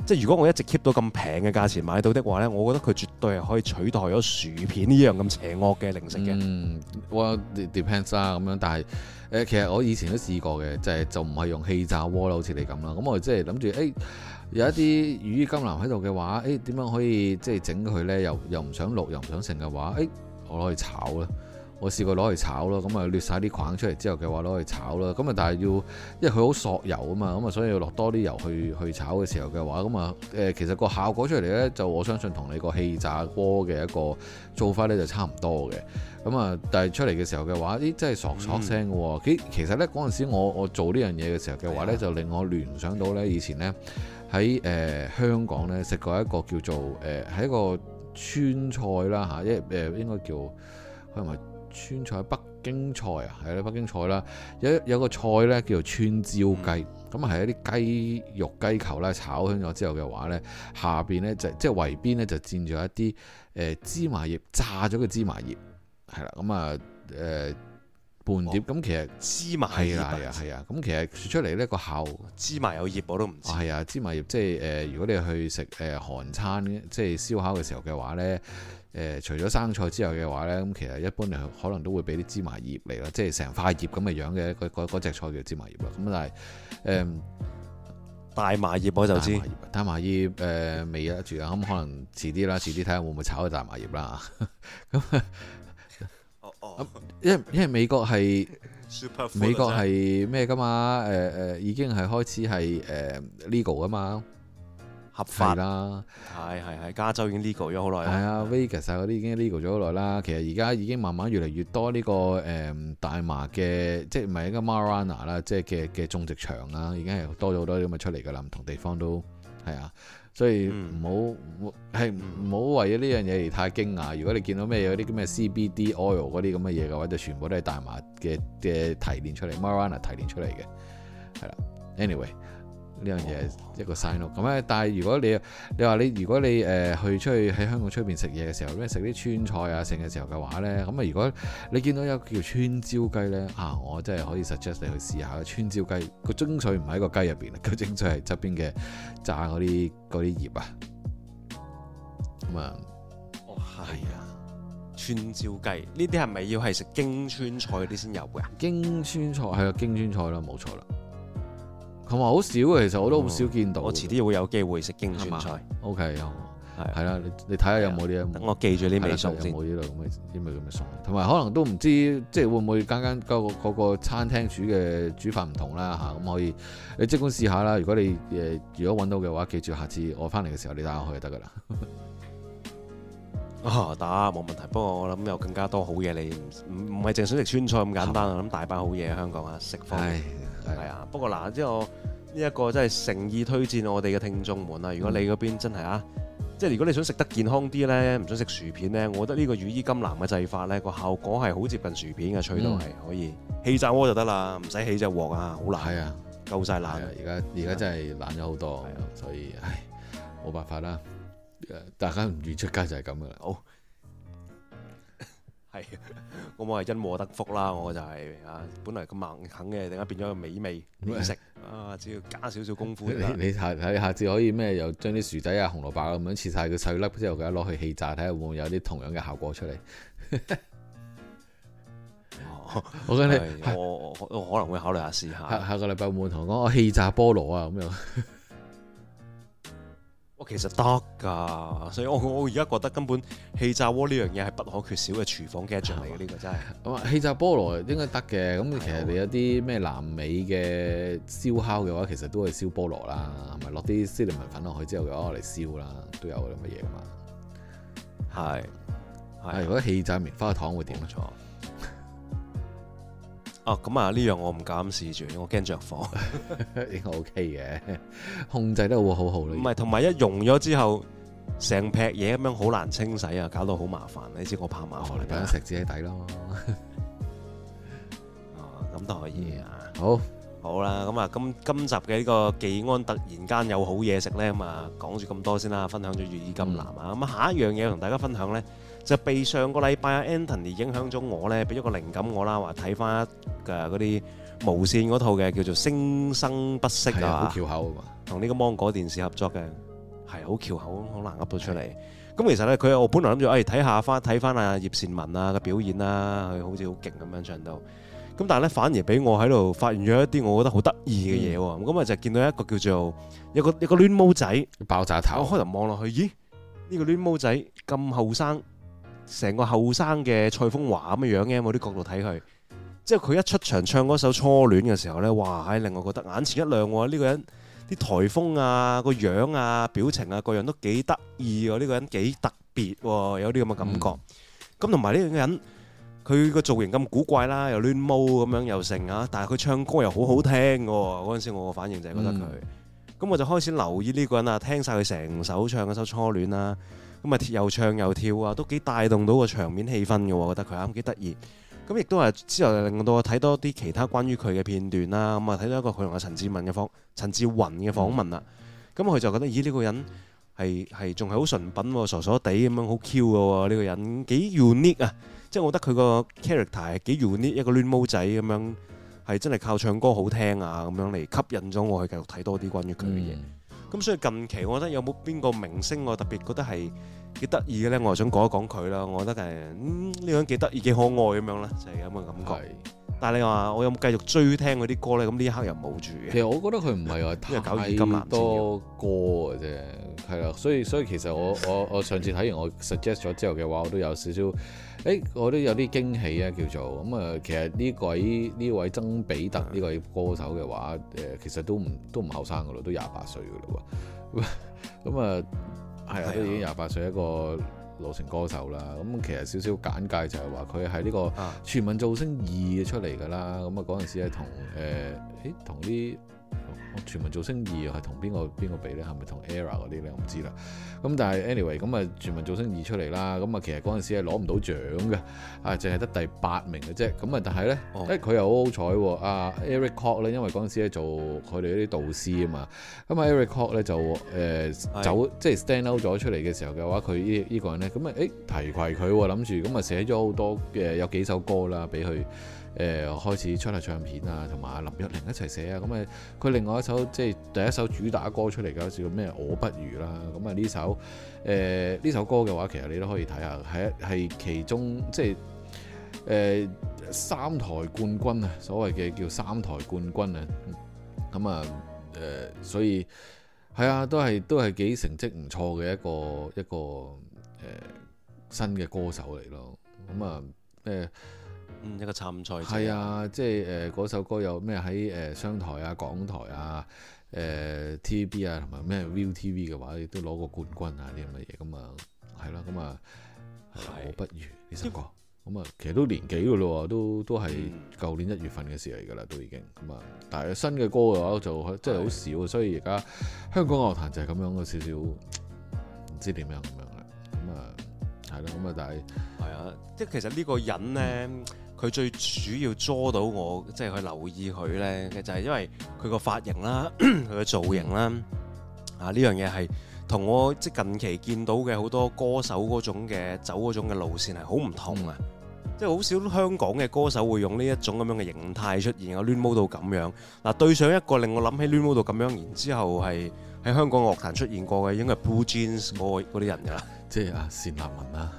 即係如果我一直 keep 到咁平嘅價錢買到的話咧，我覺得佢絕對係可以取代咗薯片呢樣咁邪惡嘅零食嘅、嗯。嗯 well depends 啊，咁樣，但係誒、呃、其實我以前都試過嘅，就係、是、就唔係用氣炸鍋啦，好似你咁啦。咁我即係諗住誒有一啲羽衣甘藍喺度嘅話，誒、欸、點樣可以即係整佢咧？又又唔想落，又唔想食嘅話，誒、欸、我攞去炒啦。我試過攞去炒咯，咁啊掠晒啲框出嚟之後嘅話攞去炒啦，咁、嗯、啊但係要，因為佢好索油啊嘛，咁啊所以要落多啲油去去炒嘅時候嘅話，咁啊誒其實個效果出嚟咧就我相信同你個氣炸鍋嘅一個做法咧就差唔多嘅，咁、嗯、啊但係出嚟嘅時候嘅話，咦真係索索聲嘅喎，其其實咧嗰陣時我我做呢樣嘢嘅時候嘅話咧就令我聯想到咧以前咧喺誒香港咧食過一個叫做誒喺一個川菜啦嚇，一誒、呃、應該叫可能川菜、北京菜啊，係啦，北京菜啦，有有個菜呢，叫做川椒雞，咁、嗯、係一啲雞肉雞球啦，炒香咗之後嘅話呢下邊呢，就即、是、係、就是、圍邊呢，就沾咗一啲誒芝麻葉，炸咗嘅芝麻葉，係啦，咁啊誒半碟，咁、哦、其實芝麻係啊係啊，咁其實説出嚟呢個效芝麻有葉我都唔知係啊，芝麻葉即係誒，如果你去食誒韓餐，即、就、係、是、燒烤嘅時候嘅話呢。誒、呃、除咗生菜之外嘅話咧，咁其實一般可能都會俾啲芝麻葉嚟啦，即係成塊葉咁嘅樣嘅，嗰隻、嗰、嗰、菜叫芝麻葉啦。咁但係誒、嗯、大麻葉我就知，大麻葉誒、呃、未啊住啊，咁可能遲啲啦，遲啲睇下會唔會炒個大麻葉啦。咁，哦哦，因為因為美國係美國係咩噶嘛？誒誒已經係開始係誒 legal 噶嘛。合法啦，係係係，加州已經 legal 咗好耐啦。係啊，Vegas 嗰啲已經 legal 咗好耐啦。其實而家已經慢慢越嚟越多呢、呢個誒、嗯、大麻嘅，即係唔係一個 Marana 啦，即係嘅嘅種植場啦，已經係多咗好多咁嘅出嚟嘅啦。唔同地方都係啊，所以唔好冇係唔好為咗呢樣嘢而太驚訝。如果你見到咩有啲咁嘅 CBD oil 嗰啲咁嘅嘢嘅話，就全部都係大麻嘅嘅提煉出嚟，Marana 提煉出嚟嘅，係啦。Anyway。呢樣嘢一個山碌咁咧，但係如果你你話你，如果你誒、呃、去出去喺香港出邊食嘢嘅時候，咧食啲川菜啊剩嘅時候嘅話咧，咁啊，如果你見到有叫川椒雞咧，啊，我真係可以 suggest 你去試下川椒雞。個精髓唔喺個雞入邊啊，個精髓係側邊嘅炸嗰啲嗰啲葉啊。咁啊，哦係啊，川椒雞呢啲係咪要係食京川菜啲先有嘅？京川菜係啊，京川菜啦，冇錯啦。同埋好少嘅，其實我都好少見到的、嗯。我遲啲會有機會食京川菜。OK，係係啦，你睇下有冇呢？是的看看有有，我記住呢味餸有冇呢類咁嘅啲咩餸？同埋可能都唔知，即係會唔會間間嗰個各個餐廳的煮嘅煮法唔同啦嚇。咁、啊、可以，你即管試下啦。如果你誒如果揾到嘅話，記住下次我翻嚟嘅時候你帶我去就得噶啦。打冇、啊、問題。不過我諗有更加多好嘢你唔唔係淨想食川菜咁簡單啊！諗大把好嘢香港啊，食係啊，啊，不過嗱，即係我呢一個真係誠意推薦我哋嘅聽眾們啊！如果你嗰邊真係啊，嗯、即係如果你想食得健康啲咧，唔想食薯片咧，我覺得呢個羽衣甘藍嘅製法咧，個效果係好接近薯片嘅，脆度係可以，氣炸鍋就得啦，唔使起隻鑊啊，好難啊，夠晒懶啊！而家而家真係懶咗好多，所以唉冇辦法啦，大家唔願出街就係咁噶啦，好。係，我冇係因禍得福啦，我就係、是、啊，本嚟咁盲啃嘅，突然間變咗個美味嚟食啊！只要加少少功夫，你睇下，下次可以咩？又將啲薯仔啊、紅蘿蔔咁樣切晒佢細粒之後，佢一攞去氣炸，睇下會唔會有啲同樣嘅效果出嚟、 [LAUGHS] 哦？我你我我我可能會考慮下試下，下個禮拜會唔會同我講我氣、哦、炸菠蘿啊咁樣？我其實得㗎，所以我我而家覺得根本氣炸鍋呢樣嘢係不可缺少嘅廚房 gadget 上嚟，呢、呢個真係。氣炸菠蘿應該得嘅，咁、嗯嗯、其實你有啲咩南美嘅燒烤嘅話，其實都係燒菠蘿啦，係咪落啲西檸蜜粉落去之後嘅話嚟燒啦，嗯、都有啲乜嘢㗎嘛？係。係、啊。如果氣炸棉花糖會點啊？錯？咁啊呢樣我唔敢試住，我驚着火。應該 OK 嘅，控制得會好好。唔係，同埋一溶咗之後，成劈嘢咁樣，好難清洗啊，搞到好麻煩。你知我怕麻煩，擺啲錫紙喺底咯。咁 [LAUGHS] 都、哦、可以啊。Yeah. 好，好啦，咁啊，今今集嘅呢個技安突然間有好嘢食咧，咁啊，講住咁多先啦，分享咗羽衣甘藍啊，咁下一樣嘢同大家分享咧。就被上個禮拜阿 Anthony 影響咗我咧，俾咗一個靈感我啦，話睇翻誒嗰啲無線嗰套嘅叫做《聲生不息》啊，好翹口啊嘛，同呢個芒果電視合作嘅，係好翹口，好難噏到出嚟。咁其實咧，佢我本來諗住誒睇下翻睇翻阿葉倩文啊嘅表演啦，佢好似好勁咁樣唱到。咁但係咧，反而俾我喺度發現咗一啲我覺得好得意嘅嘢喎。咁啊就見到一個叫做一個一個攣毛仔爆炸頭，開頭望落去，咦？呢個攣毛仔咁後生。成個後生嘅蔡風華咁嘅樣嘅，我啲角度睇佢，即係佢一出場唱嗰首《初戀》嘅時候呢，哇！令我覺得眼前一亮，呢、呢個人啲台風啊，個樣啊，表情啊，個樣都幾得意喎，呢、呢個人幾特別喎，有啲咁嘅感覺。咁同埋呢個人，佢個造型咁古怪啦，又亂毛咁樣又成啊，但係佢唱歌又好好聽嘅。嗰、嗯、時我嘅反應就係覺得佢，咁、嗯、我就開始留意呢個人啊。聽晒佢成首唱嗰首《初戀》啦。咁啊，又唱又跳啊，都幾帶動到個場面氣氛嘅，我覺得佢啱幾得意。咁亦都係之後令到我睇多啲其他關於佢嘅片段啦。咁啊，睇到一個佢同阿陳志文嘅訪，陳志雲嘅訪問啊，咁、嗯、佢就覺得，咦呢、呢個人係係仲係好純品，傻傻地咁樣好 Q 嘅喎。呢、呢個人幾 unique 啊，即、嗯、係、即係、我覺得佢個 character 係幾 unique，一個攣毛仔咁樣，係真係靠唱歌好聽啊咁樣嚟吸引咗我去繼續睇多啲關於佢嘅嘢。嗯咁所以近期我覺得有冇邊個明星我特別覺得係幾得意嘅咧，我就想講一講佢啦。我覺得誒呢、嗯、樣幾得意幾可愛咁樣咧，就係咁嘅感覺。但係你話我有冇繼續追聽佢啲歌咧？咁呢一刻又冇住嘅。其實我覺得佢唔係話太多歌嘅啫，係啦。所以所以其實我我我上次睇完我 suggest 咗之後嘅話，我都有少少。誒、欸，我都有啲驚喜啊！叫做咁啊、嗯，其實呢位呢位曾比特呢位歌手嘅話，誒，其實都唔都唔後生噶咯，都廿八歲噶咯喎。咁啊，係啊，都已經廿八歲，嗯嗯嗯、歲一個老成歌手啦。咁、嗯、其實少少簡介就係話佢係呢個全民造星二出嚟噶啦。咁、嗯、啊，嗰陣時係同誒，誒同啲。全民造星係同邊個邊個比咧？係咪同 e r a 嗰啲咧？我唔知啦。咁但係 anyway 咁啊，全民造星出嚟啦。咁啊，其實嗰陣時係攞唔到獎嘅，啊，淨係得第八名嘅啫。咁啊，但係咧，誒佢又好好彩喎。Eric Kwok 咧，因為嗰陣時咧做佢哋嗰啲導師啊嘛。咁、嗯、阿 Eric Kwok 咧就誒、呃、走，即、就、係、是、stand out 咗出嚟嘅時候嘅話，佢呢依個人咧，咁啊誒提攜佢喎，諗住咁啊寫咗好多嘅有幾首歌啦，俾佢。誒、呃、開始出下唱片啊，同埋林若寧一齊寫啊，咁啊佢另外一首即係第一首主打歌出嚟嘅，好似叫咩我不如啦，咁啊呢首誒呢、呃、首歌嘅話，其實你都可以睇下，係係其中即係誒、呃、三台冠軍啊，所謂嘅叫三台冠軍啊，咁啊誒，所以係啊，都係都係幾成績唔錯嘅一個一個誒、呃、新嘅歌手嚟咯，咁啊誒。呃嗯，一個參賽者。係啊，即係誒嗰首歌有咩喺誒商台啊、港台啊、誒、呃、TVB 啊同埋咩 ViuTV 嘅話，亦都攞過冠軍啊啲咁嘅嘢咁啊，係咯，咁啊，我不如呢首歌，咁啊，其實都年幾噶咯，都都係舊年一月份嘅事嚟噶啦，都已經咁啊，啊，但係新嘅歌嘅話就即係好少，所以而家香港嘅樂壇就係咁樣嘅少少，唔知點樣咁樣啦，咁啊係咯，咁啊但係係啊，即係其實呢個人咧。嗯佢最主要捉到我，即、就、係、是、去留意佢咧，就係、是、因為佢個髮型啦，佢個 [COUGHS] 造型啦，啊呢樣嘢係同我即近期見到嘅好多歌手嗰種嘅走嗰種嘅路線係好唔同啊！即係好少香港嘅歌手會用呢一種咁樣嘅形態出現，有、嗯、亂毛到咁樣。嗱、啊，對上一個令我諗起亂毛到咁樣，然之後係喺香港樂壇出現過嘅，應該係 Blue Jeans Boy 嗰啲人㗎。即係啊，單立文啊，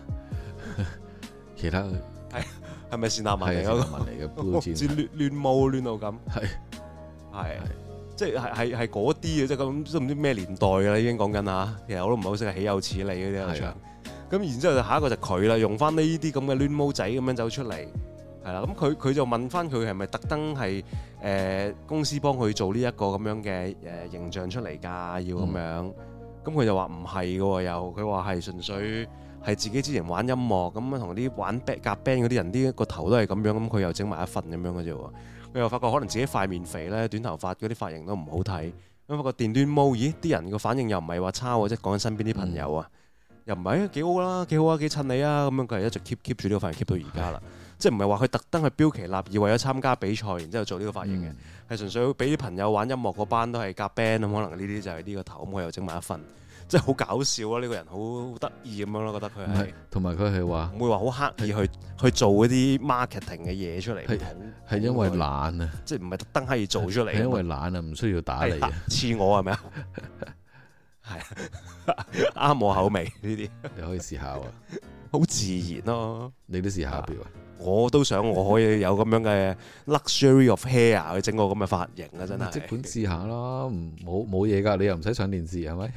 [LAUGHS] 其他係。 [LAUGHS] 係咪線納文嚟、嗰個？線納文嚟嘅， [LAUGHS] 亂亂毛亂到咁，係係即係係係嗰啲嘅，即係咁都唔知咩年代啦，已經講緊吓。其實我都唔係好識，豈有此理嗰啲啊。咁然之後就下一個就佢啦，用翻呢啲咁嘅亂毛仔咁樣走出嚟，係啦。咁佢佢就問翻佢係咪特登係誒公司幫佢做呢一個咁樣嘅誒形象出嚟㗎？要咁樣。咁、嗯、佢就話唔係嘅喎，又佢話係純粹。係自己之前玩音樂咁，同、嗯、啲玩 bad 夾 band 嗰啲人，啲個頭都係咁樣，咁、嗯、佢又整埋一份咁樣嘅啫喎。佢又發覺可能自己塊面肥咧，短頭髮嗰啲髮型都唔好睇。咁、嗯、發覺電短毛，咦？啲人個反應又唔係話差啊，即係講緊身邊啲朋友啊、嗯，又唔係幾好啦，幾好啊，幾襯你啊咁樣。佢、啊、係、嗯、一直 keep keep 住呢個髮型 keep 到而家啦。即係唔係話佢特登去標奇立異，而為咗參加比賽，然之後做呢個髮型嘅，係、嗯、純粹俾啲朋友玩音樂嗰班都係夾 band 咁、嗯，可能呢啲就係呢個頭，咁、嗯、佢又整埋一份。即係好搞笑啊，呢個人好得意咁樣咯，覺得佢係同埋佢係話唔會話好刻意去去做嗰啲 marketing 嘅嘢出嚟係因為懶啊！即係唔係特登刻意做出嚟係因為懶啊！唔需要打理啊！似我係咪啊？係啱 [LAUGHS] [LAUGHS] [LAUGHS] 我口味呢啲你可以試下 [LAUGHS] 啊。好自然咯！你都試下邊啊？我都想我可以有咁樣嘅 luxury of hair 去整個咁嘅髮型啊！真係即管試下咯，冇冇嘢㗎，你又唔使上電視係咪？係。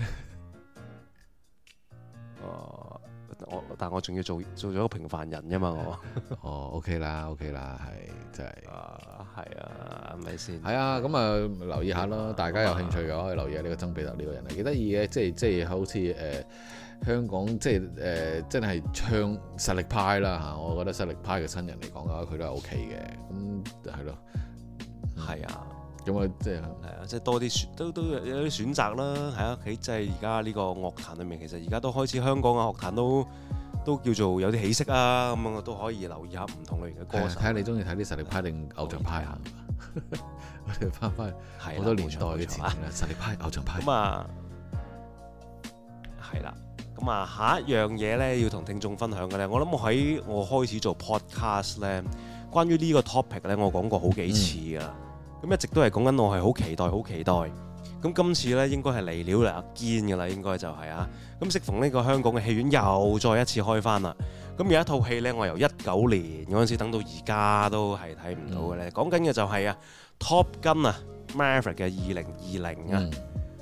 哦，我但我仲要做做咗一個平凡人噶嘛，我哦 [LAUGHS] ，OK 啦，OK 啦，係真係，係、即係、啊，係咪先？係啊，咁啊留意下咯，大家有興趣嘅可以留意下呢個曾比特呢個人啊，幾得意嘅，即係即係好似誒、呃、香港即係誒，真係唱實力派啦吓，我覺得實力派嘅新人嚟講嘅話，佢都係 OK 嘅，咁係咯，係啊。嗯咁、即係、啊，即係係啊，即係多啲選都都有啲選擇啦，係啊，企即係而家呢個樂壇裏面，其實而家都開始香港嘅樂壇都都叫做有啲起色啊，咁我都可以留意下唔同類型嘅歌手。睇下、啊、你中意睇啲實力派定、啊、偶像派、okay. 呵呵我哋，翻翻好多年代嘅節目實力派、偶像派。咁啊，係啦、啊，咁啊，下一樣嘢咧要同聽眾分享嘅咧，我諗喺我，我開始做 podcast 咧，關於呢個 topic 咧，我講過好幾次噶。嗯一直都係講緊我係好期待，好期待。咁今次咧應該係嚟了啦，堅嘅啦，應該就係啊。咁適逢呢個香港嘅戲院又再一次開翻啦。咁有一套戲咧，我由一九年嗰陣時等到而家都係睇唔到嘅咧。講緊嘅就係啊，Top Gun 啊，Maverick 嘅二零二零啊。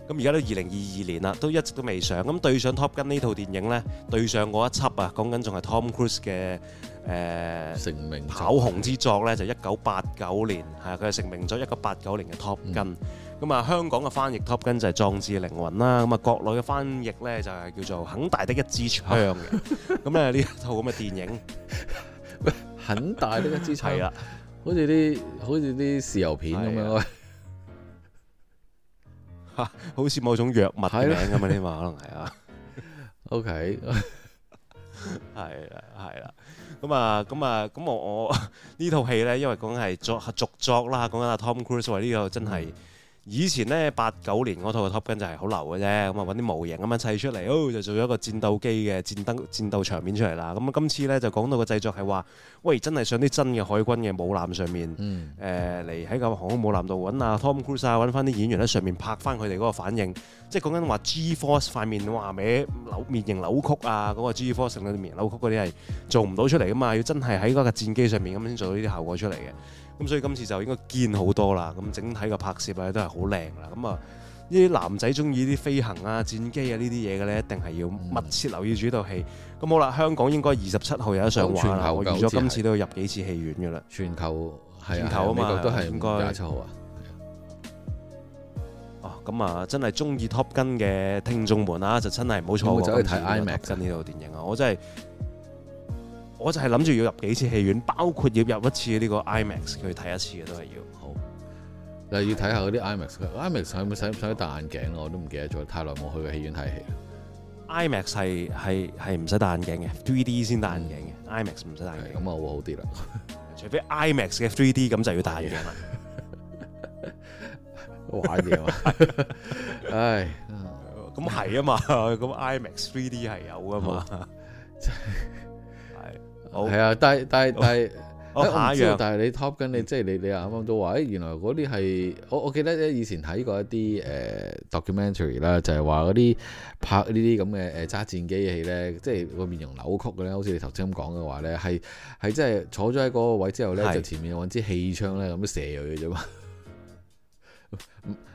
咁而家都二零二二年啦，都一直都未上。咁對上 Top Gun 呢套電影咧，對上嗰一輯啊，講緊仲係 Tom Cruise 嘅。呃、成名跑紅之作咧就一九八九年，係佢係成名咗一九八九年嘅、嗯《Top Gun》。咁啊，香港嘅翻譯《Top Gun》就係壯志靈魂啦。咁啊，國內嘅翻譯咧就係叫做《很大的一支槍》。咁咧呢一套咁嘅電影，很 [LAUGHS] 大的一支槍，係啦，好似啲好似啲豉油片咁樣， [LAUGHS] 好似某種藥物名咁啊？你話，可能係啊。O K，係啦，係啦。咁啊，咁啊，咁我呢套戲呢，因為講緊係續作啦，講緊阿 Tom Cruise 呢個真係。以前咧八九年嗰套嘅 Top Gun 就係好流嘅啫，咁啊揾啲模型咁樣砌出嚟，哦就做咗一個戰鬥機嘅戰鬥戰鬥場面出嚟啦。咁、嗯、啊，今次咧就講到個製作係話，喂真係上啲真嘅海軍嘅母艦上面，誒嚟喺個航空母艦度揾啊 Tom Cruise 啊揾翻啲演員喺上面拍翻佢哋嗰個反應，即係講緊話 G force 塊面話咩？扭面型扭曲啊，嗰、嗰個 G force 嗰啲面扭曲嗰啲係做唔到出嚟噶嘛，要真係喺嗰個戰機上面咁先做到呢啲效果出嚟嘅。咁所以今次就應該見好多啦，咁整體嘅拍攝啊都係好靚啦，咁啊呢啲男仔中意啲飛行啊、戰機啊呢啲嘢嘅咧，一定係要密切留意住呢套戲。咁、嗯、好啦，香港應該二十七號有得上畫啦，我預咗今次都要入幾次戲院噶啦。全球是、啊是啊、全球啊嘛，都係應該七號啊。哦、啊，咁啊，啊，真係中意 Top Gun 嘅聽眾們啊，就真係冇錯，我走去睇 IMAX 呢套電影啊，我真係～我就係諗住要入幾次戲院，包括要入一次呢個 IMAX 去睇一次嘅都係要好。又要睇下嗰啲 IMAX，IMAX 使唔使戴眼鏡？我都唔記得咗，太耐冇去過戲院睇戲。IMAX 係係係唔使戴眼鏡嘅，3D 先戴眼鏡嘅，嗯。IMAX 唔使戴眼鏡，咁啊會好啲啦。除非 IMAX 嘅 3D 咁就要戴眼鏡啦。 [LAUGHS] 玩嘢。點吧， [LAUGHS] [LAUGHS] 哎嗯嗯嗯，嘛，唉，咁係啊嘛，咁 IMAX 3D 係有噶嘛。 [LAUGHS] 係、oh, 啊，但係、oh, 但係、oh, 但係，oh, 但係你 top 緊、yeah.，你即係你你啱啱都話，誒、哎、原來嗰啲係我我記得咧，以前睇過一啲誒、uh, documentary 啦、uh,，就係話嗰啲拍呢啲咁嘅誒揸戰機嘅戲咧，即係個面容扭曲嘅咧，好似你頭先咁講嘅話咧，係係真係坐咗喺個位之後咧，就前面揾支氣槍咧咁射佢嘅啫嘛。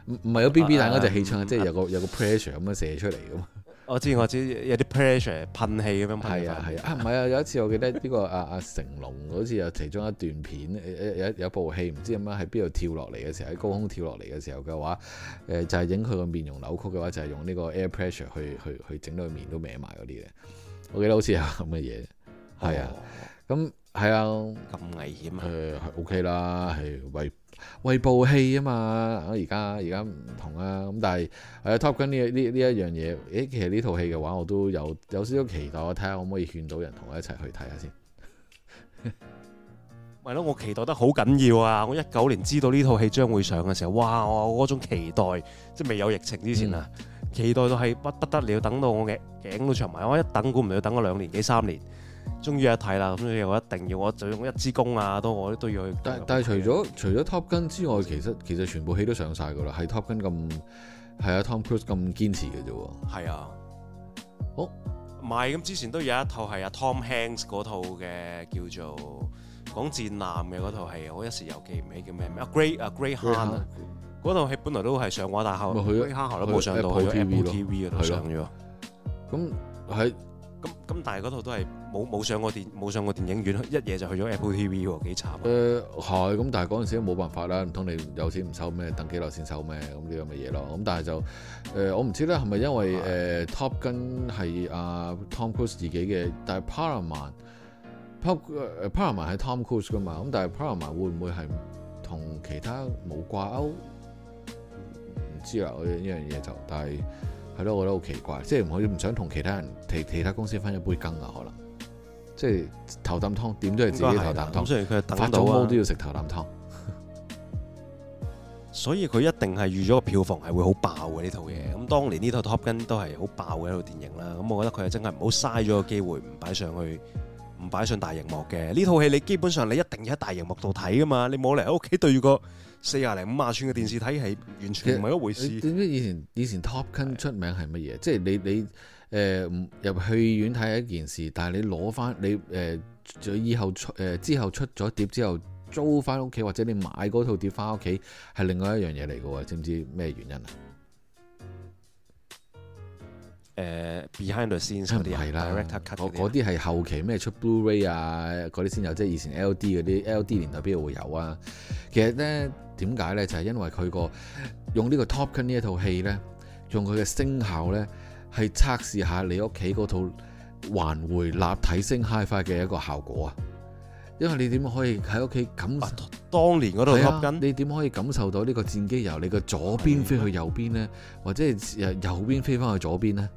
唔唔係有 B B 彈嗰隻氣槍，即、uh, 係、uh, uh, uh, 有個有個 pressure 咁樣射出嚟噶嘛。 [LAUGHS] 我知我知有啲 pressure 噴氣咁樣，係啊係啊唔係啊，啊！有一次我記得呢個阿、啊、阿、 [LAUGHS] 啊、成龍好似有其中一段片，有有部戲唔知咁樣喺邊度跳落嚟嘅時候，喺高空跳落嚟嘅時候嘅話，誒、呃、就係影佢個面容扭曲嘅話，就係、是、用呢個 air pressure 去去去整到面都歪埋嗰啲嘅。我記得好似有咁嘅嘢，係、哦、啊，咁係啊，咁危險啊？誒係 OK 啦，係為部戲啊嘛，而家而家唔同啊，咁但係誒、uh,，Top Gun，呢呢呢一樣嘢，誒其實呢套戲嘅話，我都有有少少期待，我睇下可唔可以勸到人同我一齊去睇下先。咪咯，我期待得好緊要啊！我一九年知道呢套戲將會上嘅時候，哇！我嗰種期待，即係未有疫情之前啊，嗯、期待到係不不得了，等到我嘅頸都長埋，我一等估唔到要等我兩年幾三年。終於有睇啦！咁所以我一定要我就用一支公啊，都我都要去，去。但係除咗除咗 Top Gun 之外，其實其實全部戲都上晒噶啦，係 Top Gun 咁係啊，Tom Cruise 咁堅持嘅啫喎。係啊，好唔係咁之前都有一套係啊 Tom Hanks 嗰套嘅，叫做講戰艦嘅嗰套戲，我一時又記唔起叫咩名啊，Greyhound Greyhound 嗰套戲，本來都係上畫大校 Greyhound 啦，冇上到去 Apple TV 嗰度上咗。咁喺、啊咁咁，但係嗰度都係冇冇上過電冇上過電影院，一夜就去咗 Apple TV 喎，幾慘！誒係咁，但係嗰陣時冇辦法啦，唔通你有錢唔收咩？等幾耐先收咩？咁呢咁嘅嘢咯。咁但係就誒、呃，我唔知咧，係咪因為誒、啊 uh, Top 跟係阿 Tom Cruise 自己嘅，但係、uh. p a r a m a n t p a r a m a n 係 Tom Cruise 噶嘛？咁但係 Paraman 會唔會係同其他冇掛鈎？唔知啊，呢樣嘢就但係。係咯，我覺得好奇怪，即係唔可以唔想同其他人、其其他公司分一杯羹啊！可能即係頭啖湯，點都係自己頭啖湯，湯，湯。所以佢等到都要食頭啖湯。所以佢一定係預咗個票房係會好爆嘅呢、嗯、套嘢。咁當年呢套 Top Gun 都係好爆嘅一套電影啦。咁我覺得佢係真係唔好嘥咗個機會，唔擺上去，唔擺上大熒幕嘅呢套戲。你基本上你一定要喺大熒幕度睇㗎嘛。你冇嚟喺屋企對住個。四十零五十寸嘅電視睇係完全唔係一回事。點解以前以前 Top Gun 出名係乜嘢？即係你你誒、呃、入去戲院睇一件事，但係你攞翻你誒、呃、以後出誒、呃、之後出咗碟之後租翻屋企，或者你買嗰套碟翻屋企係另外一樣嘢嚟㗎喎？知唔知咩原因啊？誒、uh, behind the scenes 嗰啲啊，director cut 嗰啲，嗰嗰啲係後期咩出 Blu-ray 啊，嗰啲先有，即係以前 LD 嗰啲，LD 年代邊度會有啊？其實咧點解咧，就係、是、因為佢個用呢個 Top Gun 呢一套戲咧，用佢嘅聲效咧，去測試下你屋企嗰套環迴立體聲 Hi-Fi 嘅一個效果啊！因為你點可以喺屋企感當年嗰套 t o 你點可以感受到呢個戰機由你個左邊飛去右邊呢？或者右邊飛翻去左邊呢？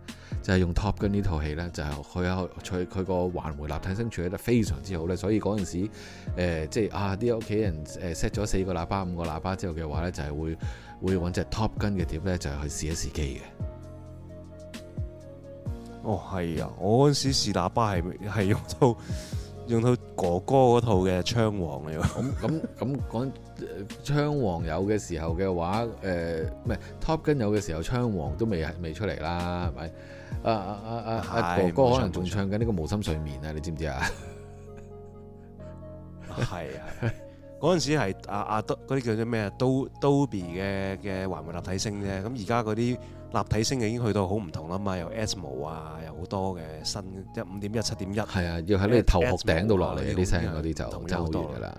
就係用 Top 跟呢套戲呢，就係佢佢佢個環回立體聲處理得非常之好呢。所以嗰陣時即係啊啲屋企人 set 咗四個喇叭、五個喇叭之後嘅話呢，就係會會揾隻 Top 跟嘅碟呢，就係去試一試機嘅。哦，係啊，我嗰陣時試喇叭係係用到。用到哥哥嗰套嘅槍王嚟喎，咁咁咁講槍王有嘅時候嘅話，誒，唔係 Top 跟有嘅時候槍王都未係未出嚟啦，係咪？啊啊啊啊、哎！哥哥可能仲唱緊呢、哎這個無心睡眠啊，你知唔知啊？係 [LAUGHS] 啊。是 [LAUGHS] 嗰陣時係阿阿都嗰啲叫做咩啊？Do Doby 嘅嘅環繞立體聲啫。咁而家嗰啲立體聲已經去到好唔同啦嘛。又 s m 啊，有好多嘅新即一五點一七點一。係啊，要喺你頭殼頂度落嚟啲聲嗰啲就爭好遠噶啦。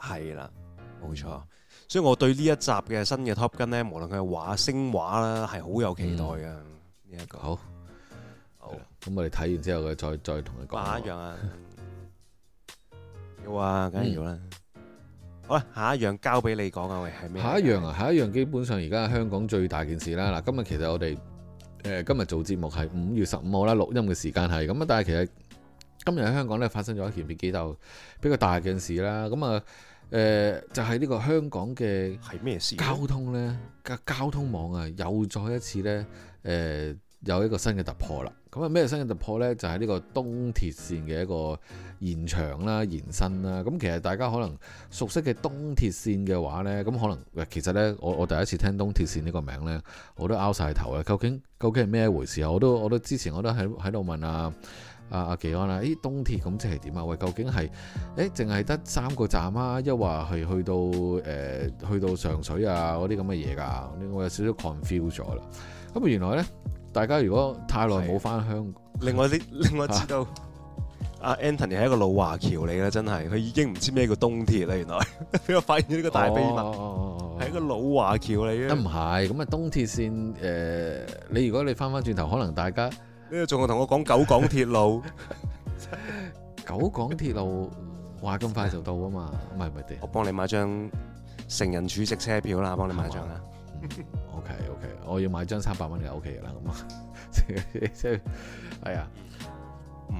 係啦，冇錯。所以我對呢一集嘅新嘅 Top 跟咧，無論佢係畫聲畫啦，係好有期待嘅呢一個。好，好。咁我哋睇完之後，佢再再同你講一樣啊。 [LAUGHS] 有啊，梗係有啦。好啦，下一樣交俾你講啊，喂，係咩？下一樣啊，下一樣基本上而家香港最大件事啦。嗱，今日其實我哋誒、呃、今日做節目係五月十五號啦，錄音嘅時間係咁啊。但係其實今日喺香港咧發生咗一件比較大件事啦。咁啊，誒、呃、就係、是、呢個香港嘅係咩事？交通咧，嘅交通網啊，又再一次咧，誒、呃、有一個新嘅突破啦。咁啊，咩新嘅突破呢？就係、是、呢個東鐵線嘅一個延長啦、延伸啦。咁其實大家可能熟悉嘅東鐵線嘅話呢，咁可能其實呢，我我第一次聽東鐵線呢個名呢，我都拗晒頭嘅。究竟究竟係咩回事啊？我都我都之前我都喺喺度問阿阿阿幾安啦、啊，誒、欸、東鐵咁即係點啊？喂，究竟係誒淨係得三個站啊？一話係去到誒、呃、去到上水啊嗰啲咁嘅嘢㗎？我有少少 confuse 咗啦。咁原來呢。大家如果太耐冇翻香港，另外啲，另外知道，阿 [LAUGHS] Anthony 係一個老華僑嚟嘅，真係，佢已經唔知咩叫東鐵啦，原來，俾 [LAUGHS] 我發現咗呢個大秘密，係、哦、一個老華僑嚟嘅。唔係，咁啊，東鐵線，誒、呃，你如果你翻翻轉頭，可能大家，呢你仲同我講九廣鐵路， [LAUGHS] [LAUGHS] 九廣鐵路話咁 [LAUGHS] 快就到啊嘛，唔係唔係我幫你買張成人儲值車票啦，幫你買張啊。 [LAUGHS] O K，O K，我要買一張三百蚊就 O K 嘅啦，咁、okay. 啊、 [LAUGHS] 哎呀，即係係啊，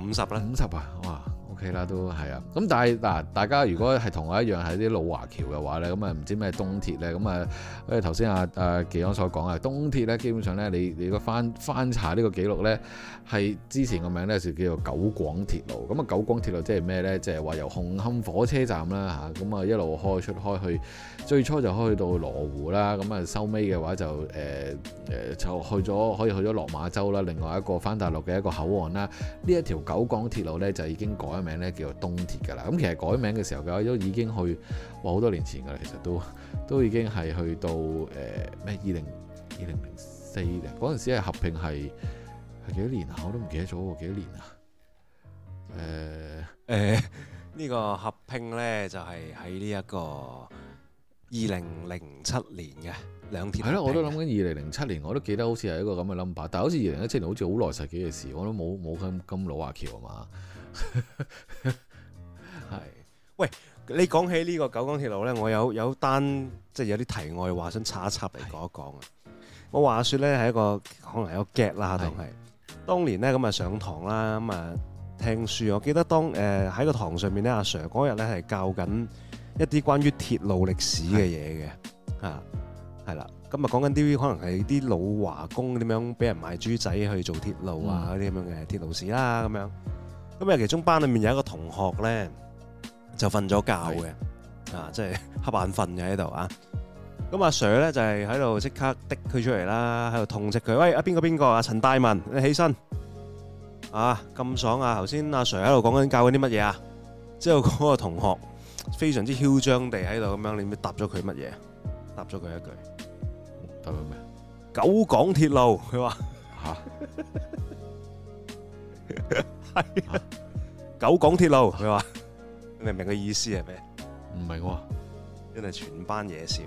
五十啦，五十啊，哇！OK 啦，都係啊！咁但係嗱，大家如果係同我一樣，係啲老華僑嘅話咧，咁啊唔知咩東鐵咧，咁啊，誒頭先阿阿紀安所講啊，東鐵咧基本上咧，你你個翻翻查這個呢個記錄咧，係之前個名咧就叫做九廣鐵路。咁啊，九廣鐵路即係咩咧？即係話由紅磡火車站啦吓，咁啊一路開出開去，最初就開去到羅湖啦，咁啊收尾嘅話就誒誒、呃、就去咗可以去咗落馬洲啦，另外一個翻大陸嘅一個口岸啦。這一呢一條九廣鐵路咧就已經改。名咧叫做東鐵噶啦，咁其實改名嘅時候嘅話都已經去話好多年前噶啦，其實都都已經係去到誒咩二零二零零四年嗰陣時係合併係係幾多年啊？我都唔記得咗幾多年啊？誒、呃、誒，呢、呃這個合併咧就係喺呢一個二零零七年嘅兩鐵係咯。我都諗緊二零零七年，我都記得好似係一個咁嘅 number，但係好似二零一七年好似好耐十幾年嘅事，我都冇冇咁咁老華僑啊嘛。係 [LAUGHS] 喂，你講起呢個九廣鐵路咧，我有有單即係有啲題外話，想插一插嚟講一講啊。我話說咧係一個可能有 gag 啦，同係當年咧咁啊上堂啦咁啊聽書。我記得當誒喺、呃、個堂上面咧，阿、啊、Sir 嗰日咧係教緊一啲關於鐵路歷史嘅嘢嘅吓係啦。咁啊講緊 D V，可能係啲老華工點樣俾人賣豬仔去做鐵路啊？嗰啲咁樣嘅鐵路史啦，咁樣。咁啊，其中班裏面有一個同學咧，就瞓咗覺嘅，啊，即係瞌眼瞓嘅喺度啊。咁、啊、阿 Sir 咧就係喺度即刻滴佢出嚟啦，喺度痛斥佢。喂，啊，邊個邊個啊？陳大文，你起身啊！咁爽啊，頭先阿 Sir 喺度講緊教緊啲乜嘢啊？之後嗰個同學非常之囂張地喺度咁樣，你咪答咗佢乜嘢？答咗佢一句，九廣鐵路，佢話。啊 [LAUGHS] [LAUGHS] 係，狗講鐵路，佢話你明唔明個意思係咩？唔明，真係全班野笑，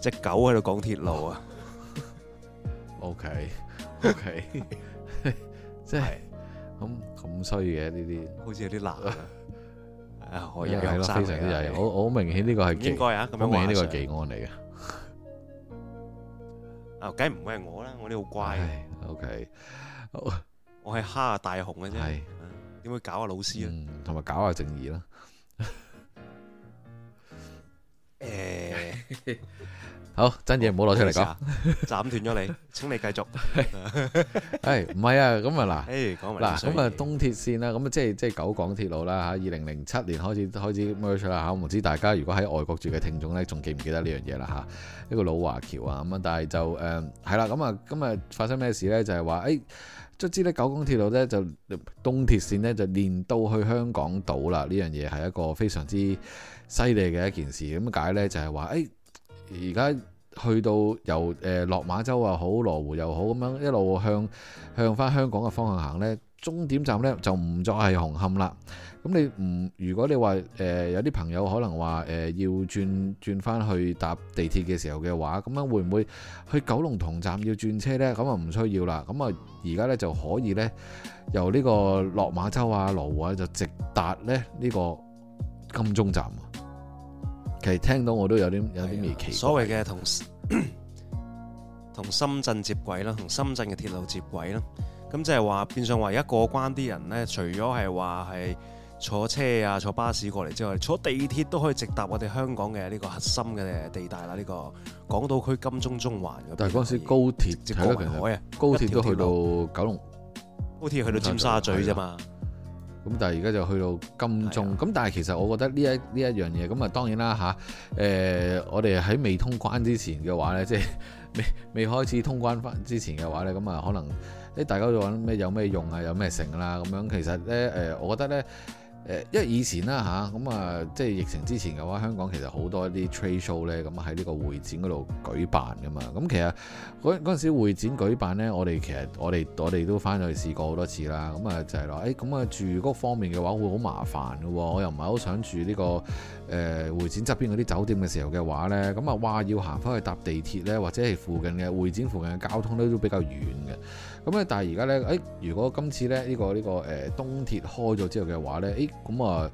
隻狗喺度講鐵路啊！OK，OK，即係咁咁衰嘅呢啲，好似有啲難啊！係啊，我有係咯，非常之有，好，好明顯呢個係，應該啊，咁樣明顯呢個係技安嚟嘅。啊，梗唔會係我啦，我啲好乖。OK，好。我係蝦大雄嘅啫，點會搞下老師啊？同、嗯、埋搞下正義啦。誒、 [LAUGHS] 欸，好，真嘢唔好攞出嚟講，斬斷咗你， [LAUGHS] 請你繼續。係唔係啊？咁啊嗱，誒、欸，講埋嗱咁啊，東鐵線啦，咁啊，即係即係九廣鐵路啦吓，二零零七年開始開始 merge 啦吓，我唔知大家如果喺外國住嘅聽眾咧，仲記唔記得呢樣嘢啦吓？一、呢個老華僑啊咁啊，但係就誒係啦，咁啊咁啊發生咩事咧？就係話誒。哎卒之咧，九廣鐵路咧就東鐵線呢就連到去香港島啦！呢樣嘢係一個非常之犀利嘅一件事。點解呢？就係話，誒而家去到由誒落馬洲又好，羅湖又好，咁樣一路向向翻香港嘅方向行呢。終點站咧就唔再係紅磡啦。咁你唔，如果你話誒有啲朋友可能話誒要轉轉翻去搭地鐵嘅時候嘅話，咁樣會唔會去九龍塘站要轉車咧？咁啊唔需要啦。咁啊而家咧就可以咧由呢個落馬洲啊、羅湖啊就直達咧呢個金鐘站啊。其實聽到我都有啲有啲微奇。所謂嘅同同深圳接軌啦，同深圳嘅鐵路接軌啦。咁即係話變相話，一過關啲人咧，除咗係話係坐車啊、坐巴士過嚟之外，坐地鐵都可以直達我哋香港嘅呢個核心嘅地帶啦。呢、呢個港島區、金鐘、中環。但係嗰時高鐵直接廣海啊，高鐵都去到九龍。高鐵去到尖沙咀啫嘛。咁但係而家就去到金鐘。咁但係其實我覺得呢一呢一樣嘢，咁啊當然啦吓，誒、啊呃，我哋喺未通關之前嘅話咧，即、就、係、是、未未開始通關翻之前嘅話咧，咁啊可能。誒大家就揾咩有咩用啊，有咩剩啦咁樣。其實咧，誒，我覺得咧，誒，因為以前啦吓，咁啊，啊，即係疫情之前嘅話，香港其實好多一啲 trade show 咧，咁喺呢個會展嗰度舉辦噶嘛。咁、啊、其實嗰陣時會展舉辦咧，我哋其實我哋我哋都翻去試過好多次啦。咁啊就係、是、咯，咁、哎、啊住嗰方面嘅話會好麻煩嘅喎，啊，我又唔係好想住呢、這個誒、啊、會展側邊嗰啲酒店嘅時候嘅話咧，咁啊話、啊、要行翻去搭地鐵咧，或者係附近嘅會展附近嘅交通咧都比較遠嘅。咁咧，但係而家咧，誒，如果今次咧、呢個、呢個呢、呢個誒東鐵開咗之後嘅話咧，誒、欸，咁啊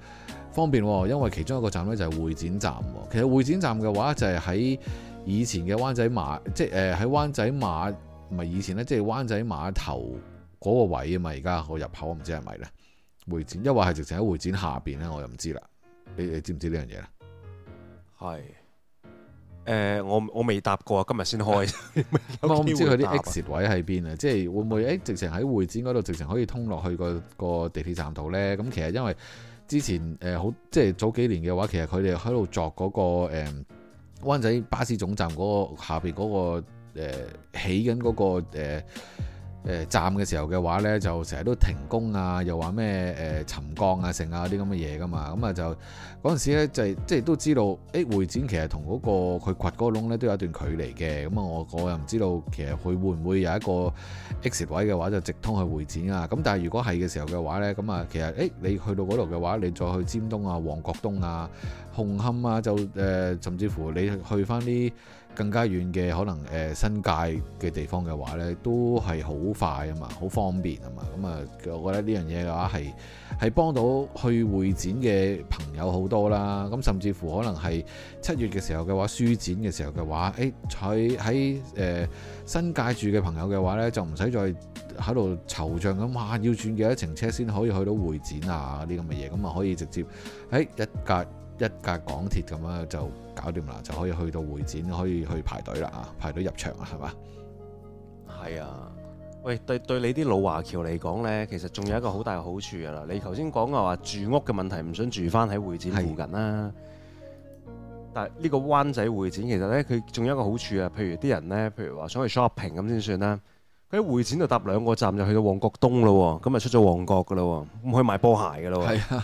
方便喎，因為其中一個站咧就係會展站喎。其實會展站嘅話就係喺以前嘅灣仔碼，即係誒喺灣仔碼，唔係以前咧，即、就、係、係、灣仔碼頭嗰個位啊嘛。而家個入口我唔知係咪咧？會展，一或係直情喺會展下邊咧，我又唔知啦。你你知唔知呢樣嘢咧？係。誒、呃，我我未搭過啊，今日先開。 [LAUGHS] 啊嗯、我唔知佢啲 exit 位喺邊啊？ [LAUGHS] 即係會唔會誒，直情喺會展嗰度，直情可以通落去、嗰個嗰個地鐵站度咧。咁其實因為之前誒、呃、好，即係早幾年嘅話，其實佢哋喺度作嗰個誒、呃、灣仔巴士總站嗰個下邊嗰、嗰個起緊嗰個、呃誒站嘅時候嘅話呢，就成日都停工啊，又話咩誒沉降啊，剩啊啲咁嘅嘢噶嘛，咁啊就嗰陣時呢就係、即係都知道，誒、欸、會展其實同嗰、那個佢掘嗰個窿呢都有一段距離嘅，咁啊我我又唔知道其實佢會唔會有一個 exit 位嘅話就直通去會展啊，咁但係如果係嘅時候嘅話呢，咁啊其實誒、欸、你去到嗰度嘅話，你再去尖東啊、旺角東啊、紅磡啊，就誒、呃、甚至乎你去翻啲。更加遠嘅可能誒、呃、新界嘅地方嘅話呢，都係好快啊嘛，好方便啊嘛。咁啊，我覺得呢樣嘢嘅話係係幫到去會展嘅朋友好多啦。咁甚至乎可能係七月嘅時候嘅話，書展嘅時候嘅話，誒喺喺誒新界住嘅朋友嘅話呢，就唔使再喺度惆悵咁哇、啊，要轉幾多程車先可以去到會展啊啲咁嘅嘢，咁啊可以直接喺、欸、一格，一架港鐵噉樣，就搞掂啦，就可以去到會展，可以去排隊啦啊，排隊入場啊，係嘛？係啊，喂，對對你啲老華僑嚟講呢，其實仲有一個好大好處噶啦。你頭先講，嘅話住屋嘅問題，唔想住翻喺會展附近啦。但係呢個灣仔會展其實呢，佢仲有一個好處啊。譬如啲人呢，譬如話想去 shopping 咁先算啦。佢喺會展就搭兩個站就去到旺角東咯，咁啊出咗旺角噶啦，唔可以買波鞋噶啦。係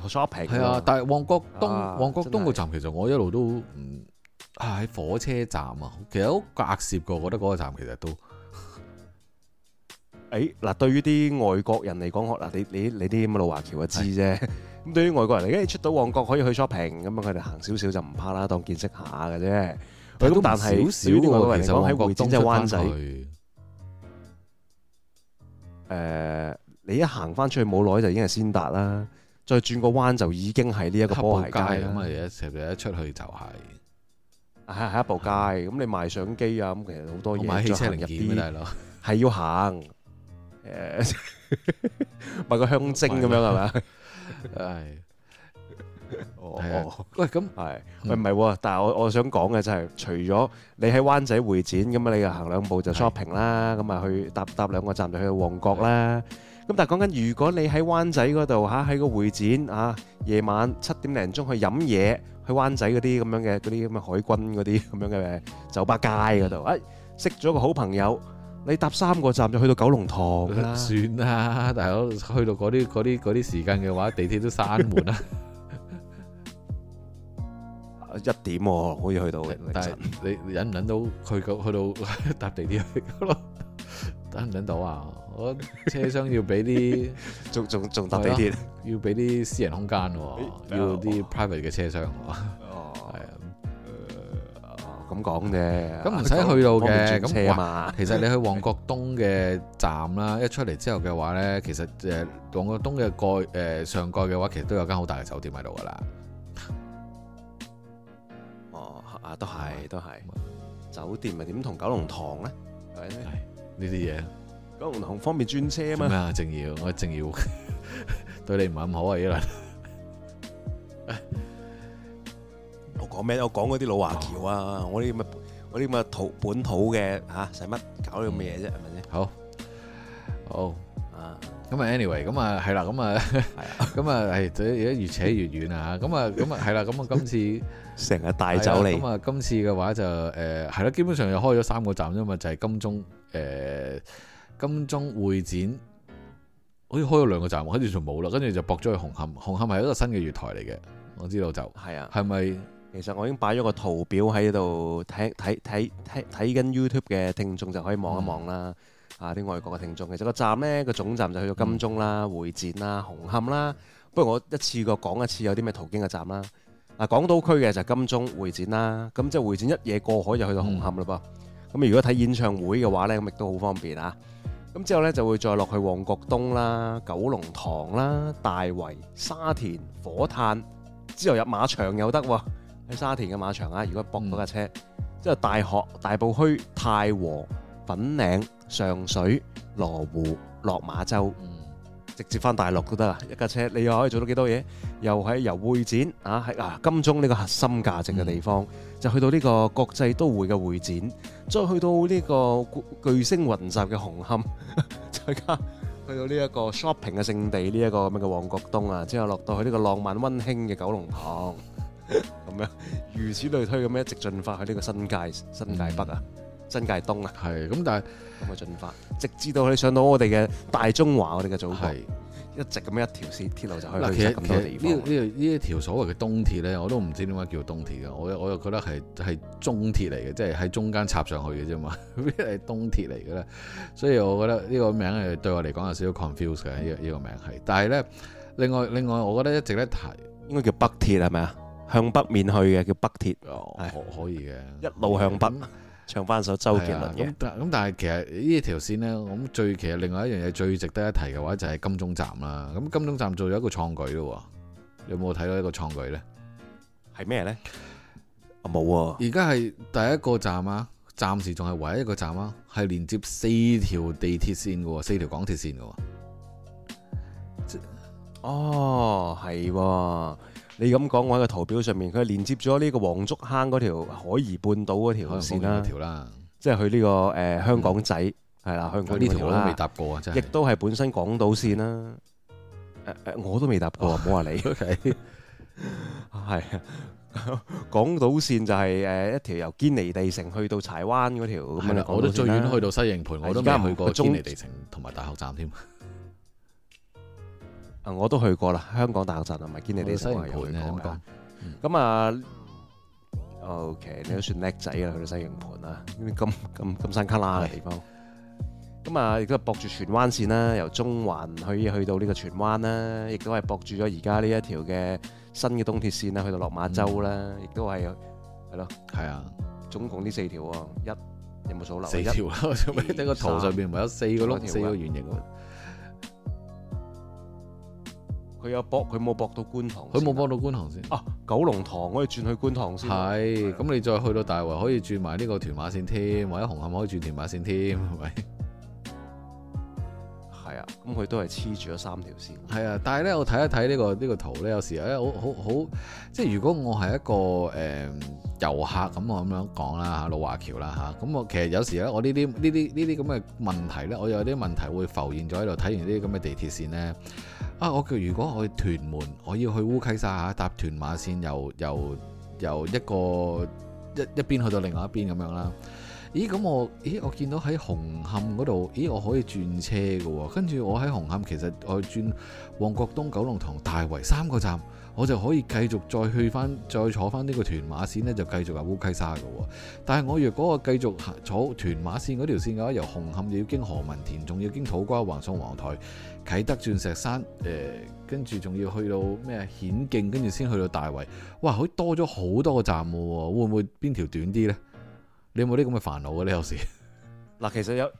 係啊，啊，但係旺角東、啊、旺角東個站其實我一路都唔係喺火車站啊，其實好隔涉個，我覺得嗰個站其實都誒嗱，對於啲外國人嚟講，嗱你你你啲咁嘅老華僑一知啫。咁對於外國人嚟講，你出到旺角可以去 shopping，咁啊佢哋行少少就唔怕啦，當見識一下㗎啫。咁但係少啲外國人嚟喺旺角即係灣仔。誒、呃，你一行翻出去冇耐就已經係先達啦。再轉個彎就已經係呢一個波鞋街啦。咁係一成日一出去就係，係係一部街。咁你賣相機啊，咁其實好多嘢。賣汽車零件啊，大佬。係要行，誒，買個香精咁樣係咪啊？係。哦哦。喂，咁係，唔係，但係我我想講嘅就係，除咗你喺灣仔會展咁啊，你又行兩步就 shopping 啦，咁啊去搭搭兩個站就去旺角啦。咁但係講緊，如果你喺灣仔嗰度吓，喺個會展啊，夜晚七點零鐘去飲嘢，去灣仔嗰啲咁樣嘅嗰啲咁嘅海軍嗰啲咁樣嘅酒吧街嗰度，誒，識咗個好朋友，你搭三個站就去到九龍塘，算啦。大佬去到嗰啲嗰啲嗰啲時間嘅話，地鐵都閂門啦。一點可以去到嘅，但係你忍唔忍到去到去到搭地鐵去？等唔等到啊？我覺得車廂要俾啲，仲仲仲搭地鐵，要俾啲私人空間喎、欸，要啲 private 嘅車廂。哦，係、 [LAUGHS] 呃哦、啊，咁講嘅，咁唔使去到嘅，咁、啊、掛。其實你去旺角東嘅站啦，一出嚟之後嘅話咧，其實誒旺角東嘅蓋誒、呃、上蓋嘅話，其實都有間好大嘅酒店喺度噶啦。哦，啊，都係都係、嗯、酒店咪點同九龍塘咧？係。呢啲嘢，咁唔同行方便轉車啊嘛。咩啊？正要我正要對你唔係咁好啊，依輪。 [LAUGHS] 我講咩？我講嗰啲老華僑啊，我啲咁嘅我啲咁嘅土本土嘅吓，使、啊、乜搞呢咁嘅嘢啫？係咪先？好，好。咁啊，anyway，咁啊，係啦，咁啊，咁啊，誒，而家越扯越遠啊咁啊，咁啊，係啦，咁啊，今次成日帶走你，咁啊，今次嘅話就誒，係啦，基本上又開咗三個站啫嘛，就係金鐘，誒，金鐘會展，好似開咗兩個站喎，跟住就冇啦，跟住就博咗去紅磡，紅磡係一個新嘅月台嚟嘅，我知道就係啊，係咪？其實我已經擺咗個圖表喺度睇睇睇睇睇緊 YouTube 嘅聽眾就可以望一望啦。啊！啲外國嘅聽眾其實個站呢，個總站就去到金鐘啦、會、嗯、展啦、紅磡啦。不如我一次過講一次有啲咩途經嘅站啦。嗱、啊，港島區嘅就金鐘、會展啦。咁即係會展一夜過海就去到紅磡嘞噃。咁、嗯、如果睇演唱會嘅話呢，咁亦都好方便啊。咁之後呢，就會再落去旺角東啦、九龍塘啦、大圍、沙田、火炭。之後入馬場又得喎，喺沙田嘅馬場啊。如果駁嗰架車，嗯、之後大學、大埔墟、太和。粉嶺、上水、羅湖、落馬洲，嗯、直接返大陸都得啊！一架車，你又可以做到幾多嘢？又喺由會展啊，喺啊金鐘呢個核心價值嘅地方、嗯，就去到呢個國際都會嘅會展，再去到呢個巨星雲集嘅紅磡， [LAUGHS] 再加去到呢一個 shopping 嘅聖地呢一、這個咁嘅旺角東啊，之後落到去呢個浪漫温馨嘅九龍塘，咁 [LAUGHS] 樣如此類推咁樣一直進發去呢個新界新界北啊！嗯新界係東啊！係咁，但係咁嘅進發，直至到你上到我哋嘅大中華，我哋嘅祖國，一直咁樣一條線鐵路就去咁多地方呢，呢呢一條所謂嘅東鐵咧，我都唔知點解叫東鐵嘅，我我又覺得係係中鐵嚟嘅，即係喺中間插上去嘅啫嘛，邊 [LAUGHS] 係東鐵嚟嘅咧？所以，我覺得呢個名係對我嚟講有少少 confuse 嘅，呢個呢個名係。但係咧，另外另外，我覺得一直咧提應該叫北鐵係咪啊？向北面去嘅叫北鐵，係可以嘅，一路向北。唱翻首周杰倫嘅歌。咁但但係其實條呢條線呢，我咁最其實另外一樣嘢最值得一提嘅話就係金鐘站啦。咁金鐘站做咗一個創舉咯，有冇睇到一個創舉呢？係咩呢？冇啊！而家係第一個站啊，暫時仲係唯一一個站啊，係連接四條地鐵線嘅，四條港鐵線嘅。哦，係啊。你咁講，我喺個圖表上面，佢連接咗呢個黃竹坑嗰條海怡半島嗰條線啦，條啦，即係去呢、呢個誒、呃、香港仔係啦、嗯，香港嗰條，條我都未搭過啊，真係，亦都係本身港島線啦、啊，誒誒、呃，我都未搭過，唔好話你，係、哦 okay, [LAUGHS] 是的 [LAUGHS] 港島線就係誒一條由堅尼地城去到柴灣嗰條啦、啊，我都最遠去到西營盤，我都未去過堅尼地城同埋大學站添。啊、我都去過啦，香港大學站同埋堅尼地城啊，咁啊，OK，你都算叻仔啊，去到、嗯啊 OK，西營盤啦，咁咁咁山卡拉嘅地方。咁啊，亦都係駁住荃灣線啦，由中環去去到呢個荃灣啦，亦都係駁住咗而家呢一條嘅新嘅東鐵線啦，去到落馬洲啦，亦都係係咯，係啊，總共呢四條喎，一有冇數漏四條啦？睇個圖上面，咪有四個窿，四個圓形。嗯佢有駁，佢冇駁到觀塘。佢冇駁到觀塘先，啊觀塘先啊。啊，九龍塘可以轉去觀塘先、啊。係，咁、啊、你再去到大圍可以轉埋呢個屯馬線添、啊，或者紅磡可以轉屯馬線添，係咪？係啊，咁佢、啊啊、都係黐住咗三條線。係啊，但係咧，我睇一睇呢、呢個呢、呢個圖咧，有時咧好好好，即係如果我係一個誒、呃、遊客咁，我咁樣講啦嚇，老華僑啦嚇，咁、啊、我其實有時咧，我呢啲呢啲呢啲咁嘅問題咧，我有啲問題會浮現咗喺度睇完呢啲咁嘅地鐵線咧。啊！我如果我去屯門，我要去烏溪沙嚇，搭屯馬線由由由一個一一邊去到另外一邊咁樣啦。咦？咁我咦我見到喺紅磡嗰度，咦我可以轉車㗎喎。跟住我喺紅磡，其實我轉旺角東、九龍塘、大圍三個站。我就可以繼續再去返，再坐返呢個屯馬線呢，就繼續行烏溪沙嘅。但係我若果我繼續坐屯馬線嗰條線嘅話，由紅磡要經何文田，仲要經土瓜灣宋皇臺、啟德、鑽石山，誒、呃，跟住仲要去到咩顯徑，跟住先去到大圍。哇！佢多咗好多個站嘅喎，會唔會邊條短啲呢？你有冇啲咁嘅煩惱嘅咧？你有時嗱，其實有。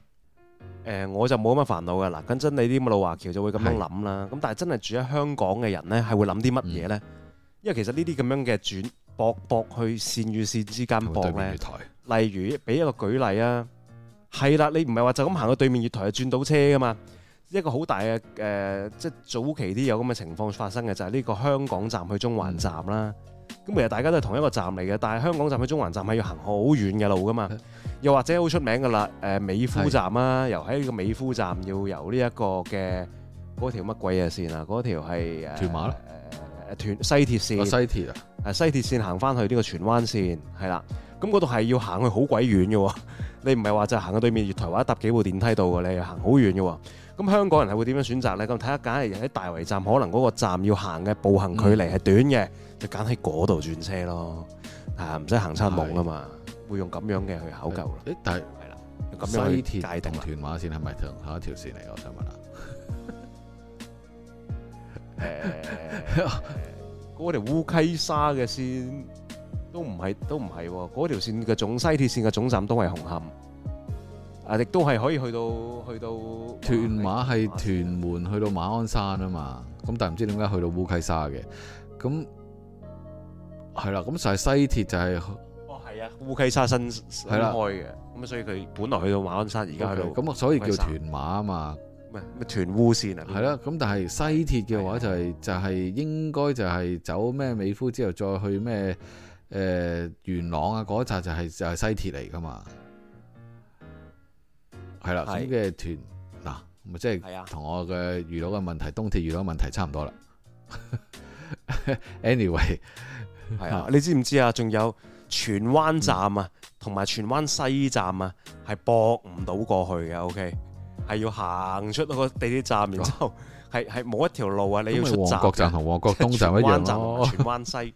呃、我就冇咁乜煩惱㗎啦，講真，你啲咁嘅老華僑就會咁樣諗啦，咁但係真係住喺香港嘅人呢，係會諗啲乜嘢呢、嗯？因為其實呢啲咁樣嘅轉駁駁去線與線之間駁呢。例如俾一個舉例啊，係啦，你唔係話就咁行到對面月台就轉到車㗎嘛？一個好大嘅即係早期啲有咁嘅情況發生嘅就係、是、呢個香港站去中環站啦。咁、嗯、其實大家都係同一個站嚟嘅，但係香港站去中環站係要行好遠嘅路㗎嘛。嗯又或者好出名嘅啦，誒美孚站啊，由喺呢個美孚站要由呢一個嘅嗰條乜鬼嘢線啊，嗰條係誒屯馬咯，誒、啊、屯西鐵線，西鐵啊，誒西鐵線行翻去呢個荃灣線，係啦，咁嗰度係要行去好鬼遠嘅喎，你唔係話就行去對面月台或者搭幾部電梯度嘅咧，行好遠嘅喎，咁香港人係會點樣選擇咧？咁睇下，揀喺大圍站，可能嗰個站要行嘅步行距離係短嘅，嗯、就揀喺嗰度轉車咯，嚇唔使行親路嘅嘛。會用咁樣嘅去考究咯。誒，但係西鐵定屯馬線係咪同下一條線嚟？我想問下。嗰條烏溪沙嘅線都唔係，都唔係，哦。嗰條線嘅總西鐵線嘅總站都係紅磡。啊，亦都係可以去到去到。屯馬係屯門去到馬鞍山啊嘛。咁 [LAUGHS] 但係唔知點解去到烏溪沙嘅。咁係啦。咁就係西鐵就係。烏溪沙新開嘅，咁所以佢本來去到馬鞍山，而家去到，咁所以叫屯馬啊嘛，咩咩屯烏線啊，係咯。咁但係西鐵嘅話就係、是、就係、是、應該就係走咩美孚之後再去咩誒、呃、元朗啊嗰一扎就係、是、就係、是、西鐵嚟噶嘛，係啦。咁嘅團嗱，咪即係同我嘅遇到嘅問題，東鐵遇到嘅問題差唔多啦。 [LAUGHS] Anyway，係啊、嗯，你知唔知啊？仲有？荃灣站啊，同埋荃灣西站啊，係駁唔到過去嘅，OK，係要行出嗰個地鐵站，然之後係係冇一條路啊，你要出站，咁咪旺角站同旺角東站一樣荃灣， [LAUGHS] 灣西，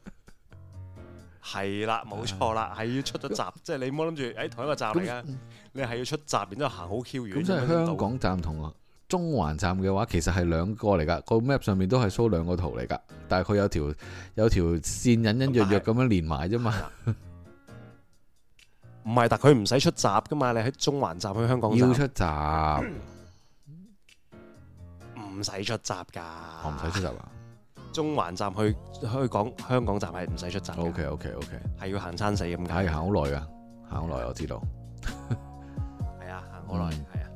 係 [LAUGHS] 啦，冇錯啦，係要出咗站，即 [LAUGHS] 係你唔好諗住喺同一個站嚟噶， [LAUGHS] 你係要出站，然之後行好 Q 遠。即係香港站同中環站嘅話，其實係兩個嚟噶，個、嗯、map 上面都係 show 兩個圖嚟噶，但係佢有條有條線隱隱約約咁樣連埋啫嘛。 [LAUGHS] 唔係，但佢唔使出閘噶嘛？你喺中環站去香港要出閘，唔使 [COUGHS] 出閘噶。唔使出閘啊！中環站去去港香港站係唔使出閘。O K O K O K 係要行餐死咁解，係行好耐啊！行好耐我知道。係 [LAUGHS] 啊，行好耐。係 [LAUGHS] 啊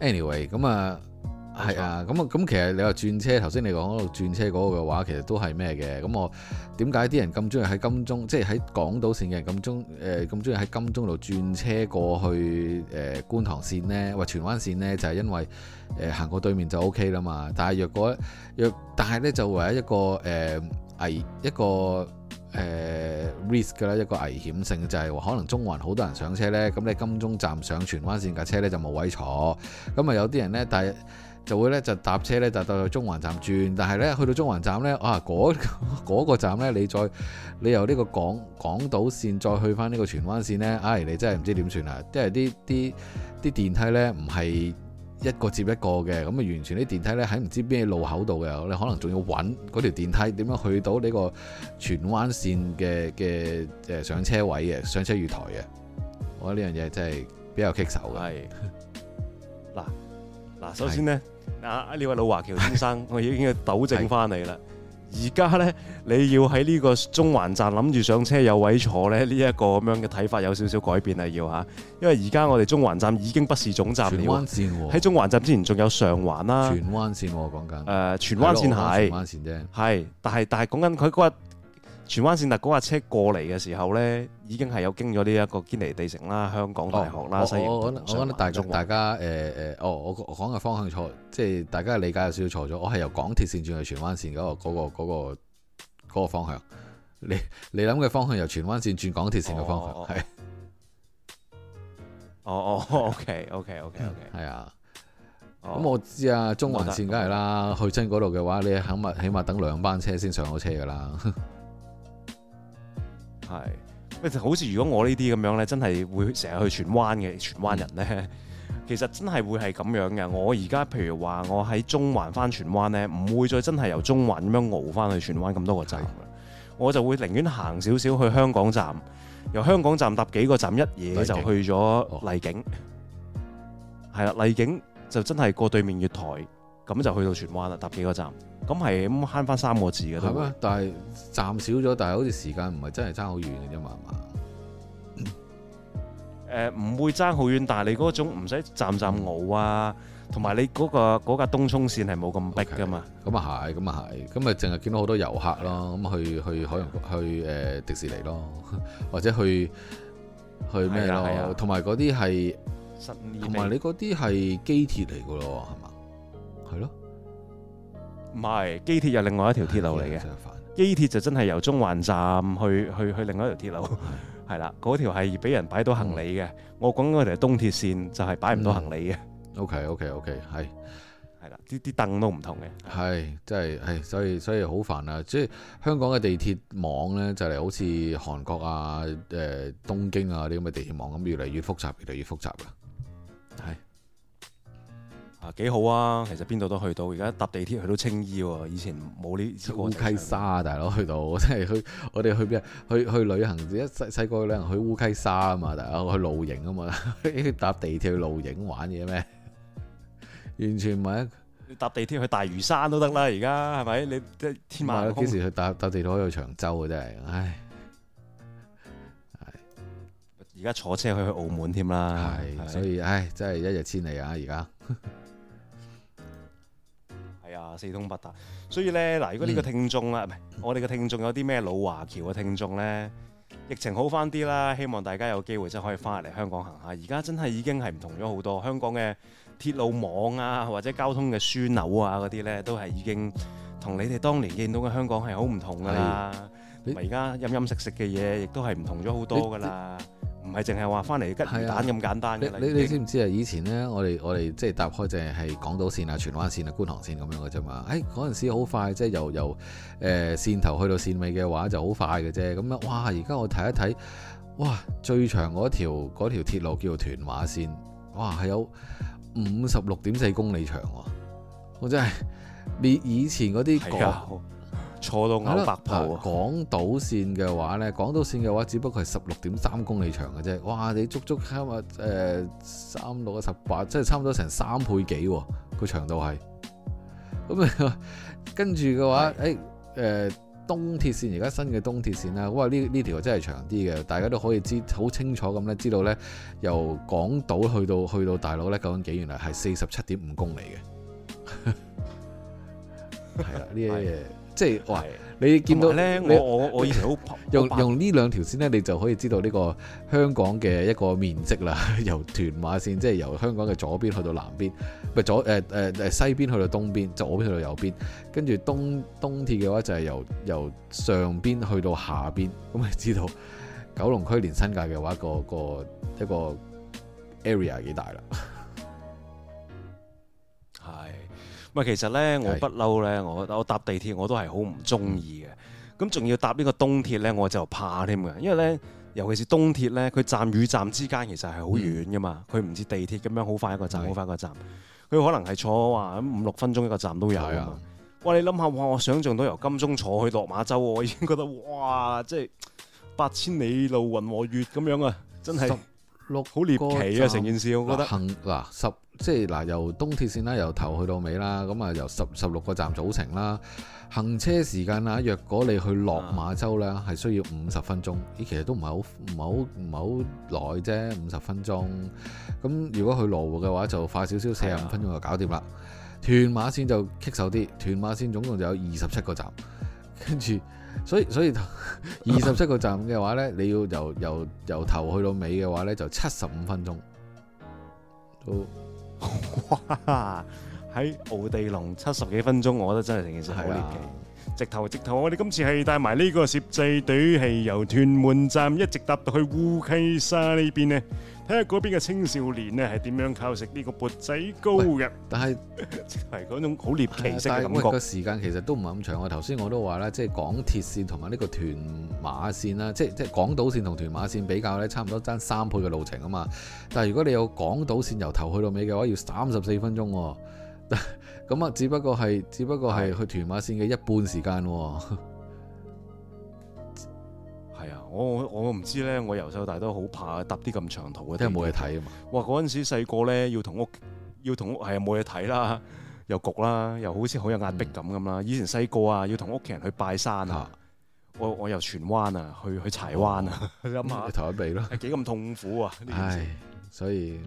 Anyway, [LAUGHS] anyway,。Anyway，咁啊。係啊，咁啊，咁其實你話轉車，頭先你講嗰度轉車嗰個嘅話，其實都係咩嘅？咁我點解啲人咁中意喺金鐘，即係喺港島線嘅人咁中誒咁中意喺金鐘度轉車過去誒、呃、觀塘線呢？或荃灣線呢？就係、是、因為誒、呃、行過對面就 OK 啦嘛。但係若果若，但係呢就為一個誒、呃、危一個誒、呃、risk 嘅啦，一個危險性就係、是、話可能中環好多人上車呢。咁你金鐘站上荃灣線架車呢，就冇位坐，咁啊有啲人呢？但係。就會咧就搭車咧就到去中環站轉，但係咧去到中環站咧，啊嗰嗰個站咧你再你由呢個港港島線再去翻呢個荃灣線咧，唉你真係唔知點算啊！即係啲啲啲電梯咧唔係一個接一個嘅，咁啊完全啲電梯咧喺唔知邊個路口度嘅，你可能仲要揾嗰條電梯點樣去到呢個荃灣線嘅嘅誒上車位嘅上車月台嘅。我覺得呢樣嘢真係比較棘手嘅。係嗱嗱，首先咧。啊！呢位老華僑先生， [LAUGHS] 我已經要糾正翻你啦。而家咧，你要喺呢個中環站諗住上車有位坐咧，呢、這、一個咁樣嘅睇法有少少改變啦，要嚇。因為而家我哋中環站已經不是總站喺、啊、中環站之前仲有上環啦。荃灣線喎、啊，講緊。誒、呃，荃灣線係。係，但係但係講緊佢嗰日。荃灣線嗰架車過嚟嘅時候呢，已經係有經咗呢一個堅尼地城啦、香港大學啦、西營盤，所以，oh，我我，我，覺得，我覺得大眾，大家誒誒，哦、呃呃，我我講嘅方向錯，即係大家理解有少少錯咗。我係由港鐵線轉去荃灣線嗰，那個嗰，那個那個那個方向。你你諗嘅方向由荃灣線轉港鐵線嘅方向係。哦、oh, 哦、oh. oh, oh，OK OK OK OK，係啊。咁、 [LAUGHS] 嗯、我知啊，中環線梗係啦，嗯、去親嗰度嘅話，你肯碼起碼等兩班車先上到車噶啦。 [LAUGHS] 係喂，好似如果我呢啲咁樣咧，真係會成日去荃灣嘅，荃灣人咧，其實真係會係咁樣嘅。我而家譬如話，我喺中環翻荃灣咧，唔會再真係由中環咁樣熬翻去荃灣咁多個站。我就會寧願行少少去香港站，由香港站搭幾個站一嘢就去咗荔景。係啦，荔景、哦、荔景就真係過對面月台。咁就去到荃灣啦，搭幾個站，咁係咁慳翻三個字嘅。係咩？但係站少咗、嗯，但係好似時間唔係真係爭好遠嘅啫嘛？誒、呃，唔會爭好遠，但係你嗰種唔使站站敖啊，同埋你嗰、嗰、架、個嗰個、東涌線係冇咁逼嘅嘛？咁啊係，咁啊係，咁啊淨係見到好多遊客咯，咁去去海洋、去誒、呃、迪士尼咯，或者去去咩咯？同埋嗰啲係，同埋你嗰啲係機鐵嚟嘅咯，係嘛？係咯，唔係，機鐵又另外一條鐵路嚟嘅。真係煩。機鐵就真係由中環站去去去另外一條鐵路，係啦，嗰條係俾人擺到行李嘅、嗯。我講嗰條東鐵線就係擺唔到行李嘅、嗯。OK OK OK，係係啦，啲啲凳都唔同嘅。係，即係係，所以所以好煩啊！即、就、係、是、香港嘅地鐵網咧，就嚟、是、好似韓國啊、誒東京啊嗰啲咁嘅地鐵網咁，越嚟越複雜，越嚟越複雜㗎。啊，幾好啊！其實邊度都去到，而家搭地鐵去到青衣喎。以前冇呢個烏溪沙啊，大佬去到，真係去我哋去邊？去去旅行，一細細個旅行去烏溪沙啊嘛，大佬去露營啊嘛，搭 [LAUGHS] 地鐵去露營玩嘢咩？完全唔係，搭地鐵去大嶼山都得啦。而家係咪？你即係天馬空。幾時去搭搭地鐵可以去長洲啊？真係，唉，而家坐車去去澳門添啦，係。所以唉，真係一日千里啊！而家。 [LAUGHS] 啊，四通八達，所以呢，嗱，如果呢個聽眾咧、嗯，唔係，我哋嘅聽眾有啲咩老華僑嘅聽眾呢？疫情好翻啲啦，希望大家有機會真係可以翻嚟香港行下。而家真係已經係唔同咗好多，香港嘅鐵路網啊，或者交通嘅樞紐啊嗰啲呢，都係已經同你哋當年見到嘅香港係好唔同㗎啦，而家飲飲食食嘅嘢亦都係唔同咗好多㗎啦。唔係淨係話翻嚟吉蛋咁簡單嘅、啊。你你，你知唔知啊？以前呢，我哋我哋即係搭開淨係港島線啊、荃灣線啊、觀塘線咁樣嘅啫嘛。誒、哎，嗰陣時好快，即係由由誒、呃、線頭去到線尾嘅話就好快嘅啫。咁樣哇！而家我睇一睇，哇！最長嗰條嗰條鐵路叫做屯馬線，哇！係有五十六點四公里長喎，我真係比以前嗰啲坐到咬白兔港島線嘅話呢，港島線嘅話只不過係十六點三公里長嘅啫，哇！你足足起碼誒三六十八，呃、18, 即係差唔多成三倍幾個、哦、長度係。咁、嗯、啊，跟住嘅話，誒，誒、欸呃，東鐵線而家新嘅東鐵線咧，哇！呢呢條真係長啲嘅，大家都可以知好清楚咁咧，知道呢，由港島去到去到大陸呢，究竟幾遠啊？原來係四十七點五公里嘅。係 [LAUGHS] 啦，呢一嘢。即係喂，你見到咧？我我我以前好 [LAUGHS] 用用呢兩條線咧，你就可以知道呢個香港嘅一個面積啦。 [LAUGHS] 由屯馬線即係由香港嘅左邊去到南邊，咪左誒誒誒西邊去到東邊，就左邊去到右邊，跟住東東鐵嘅話就係由由上邊去到下邊，咁你知道九龍區連新界嘅話個個一個 area 幾大啦。唔係，其實咧，我不嬲咧，我我搭地鐵我都係好唔中意嘅。咁、嗯、仲要搭個呢個東鐵咧，我就怕添嘅。因為咧，尤其是東鐵咧，佢站與站之間其實係好遠噶嘛。佢唔似地鐵咁樣好快一個站，好快一個站。佢可能係坐話五六分鐘一個站都有，啊。哇！你諗下，哇！我想象到由金鐘坐去落馬洲，我已經覺得哇！即係八千里路雲和月咁樣啊，真係好獵奇啊！成件事我覺得。即係嗱，由東鐵綫啦，由頭去到尾啦，咁啊由十十六個站組成啦，行車時間啊，若果你去落馬洲呢，係需要五十分鐘，咦，其實都唔係好唔係好唔係好耐啫，五十分鐘。咁如果去羅湖嘅話就快少少，四十五分鐘就搞掂啦。屯馬綫就棘手啲，屯馬綫總共就有二十七個站，跟住所以所以二十七個站嘅話呢，你要由由由頭去到尾嘅話呢，就七十五分鐘都。哇！喺奧地龍七十幾分鐘，我覺得真係成件事好離奇。直頭直頭，我哋今次係帶埋呢個攝製隊，係由屯門站一直搭到去烏溪沙呢邊咧。睇下嗰邊嘅青少年咧，係點樣靠食呢個缽仔糕嘅，但係係嗰種好獵奇式嘅感覺。個時間其實都唔係咁長，我頭先我都話啦，即係港鐵線同埋呢個屯馬線啦，即係即係港島線同屯馬線比較咧，差唔多爭三倍嘅路程啊嘛。但係如果你有港島線由頭去到尾嘅話，要三十四分鐘，咁 [LAUGHS] 啊，只不過係只不過係去屯馬線嘅一半時間。係啊，我我我唔知咧，我由細到大都好怕搭啲咁長途嘅，因為冇嘢睇啊嘛。哇，嗰陣時細個咧要同屋要同屋係啊冇嘢睇啦，又焗啦，又好似好有壓迫感咁啦、嗯。以前細個啊要同屋企人去拜山啊，我我由荃灣啊去去柴灣啊，諗、哦、下，唞 [LAUGHS] 一鼻咯，係幾咁痛苦啊！唉，件事所以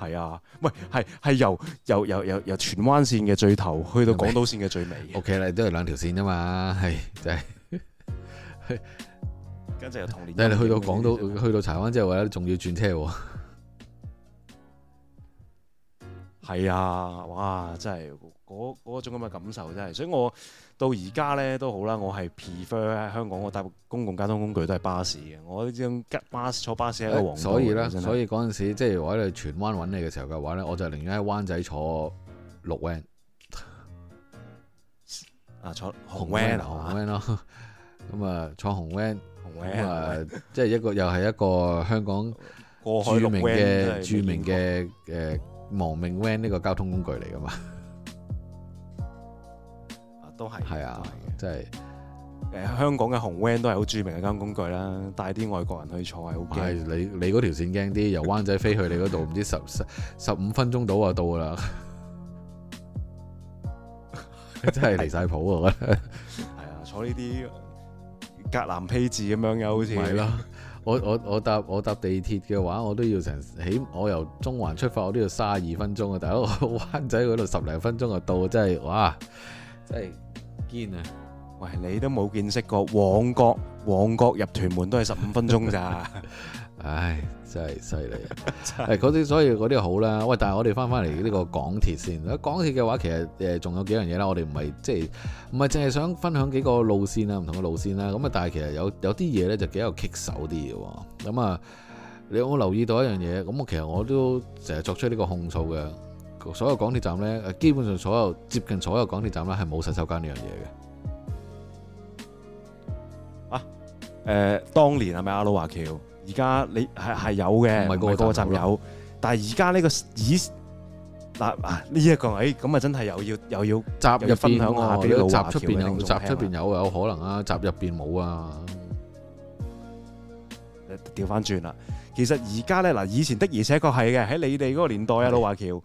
係啊，喂，係係由由由由由荃灣線嘅最頭去到港島線嘅最尾。O K 啦，都係兩條線啊嘛，係就係。真 [LAUGHS] 一、就、你、是、去到港島，去到柴灣之後或者仲要轉車、啊。係 [LAUGHS] 啊，哇！真係嗰嗰種咁嘅感受真係，所以我到而家咧都好啦，我係 prefer 喺香港，我搭公共交通工具都係巴士嘅。我呢種吉巴士坐巴士咧，所以咧，所以嗰陣時即係我喺你荃灣揾你嘅時候嘅、嗯、話咧，我就寧願喺灣仔坐六、啊、van 啊, van 啊,啊、 [LAUGHS] 嗯，坐紅 van 紅 van 咯，咁啊，坐紅 van。啊、 [LAUGHS] 嗯，呃、 [LAUGHS] 即係一個又係一個香港著 [LAUGHS] 過去嘅著名嘅誒，亡命 van 呢個交通工具嚟噶嘛？都係係 [LAUGHS] 啊，即係誒，香港嘅紅 van 都係好著名嘅交通工具啦，帶啲外國人去坐係好係你你嗰條線驚啲，由灣仔飛去你嗰度唔知十十十五分鐘到就到啦。 [LAUGHS] 真係離晒譜啊！我覺得係啊，坐呢啲。格蘭披治咁樣又好似係咯，我我我搭我搭地鐵嘅話，我都要成起，我由中環出發，我都要三十二分鐘啊！大佬一灣仔嗰度十零分鐘就到，真係哇，真係堅啊！喂，你都冇見識過旺角，旺角入屯門都係十五分鐘咋？ [LAUGHS] 唉，真係犀利啊！係嗰啲，所以嗰啲好啦。喂，但係我哋翻翻嚟呢個港鐵先。港鐵嘅話，其實誒仲有幾樣嘢啦。我哋唔係即係唔係淨係想分享幾個路線啊，唔同嘅路線啦。咁啊，但係其實有有啲嘢咧就幾有棘手啲嘅。咁啊，你有冇留意到一樣嘢？咁我其實我都成日作出呢個控訴嘅。所有港鐵站咧，基本上所有接近所有港鐵站咧，係冇洗手間呢樣嘢嘅。啊？誒、呃，當年係咪阿路華僑？而家你係係有嘅，唔係個個站有，係站有但係而家呢個已嗱啊呢一個，哎咁啊、呢個、真係又要又要閘入分享下邊、啊呢個閘出邊有閘出邊有有，有可能啊，閘入邊冇啊，調翻轉啦。其實而家咧嗱，以前的而且確係嘅，喺你哋嗰個年代啊，老華僑，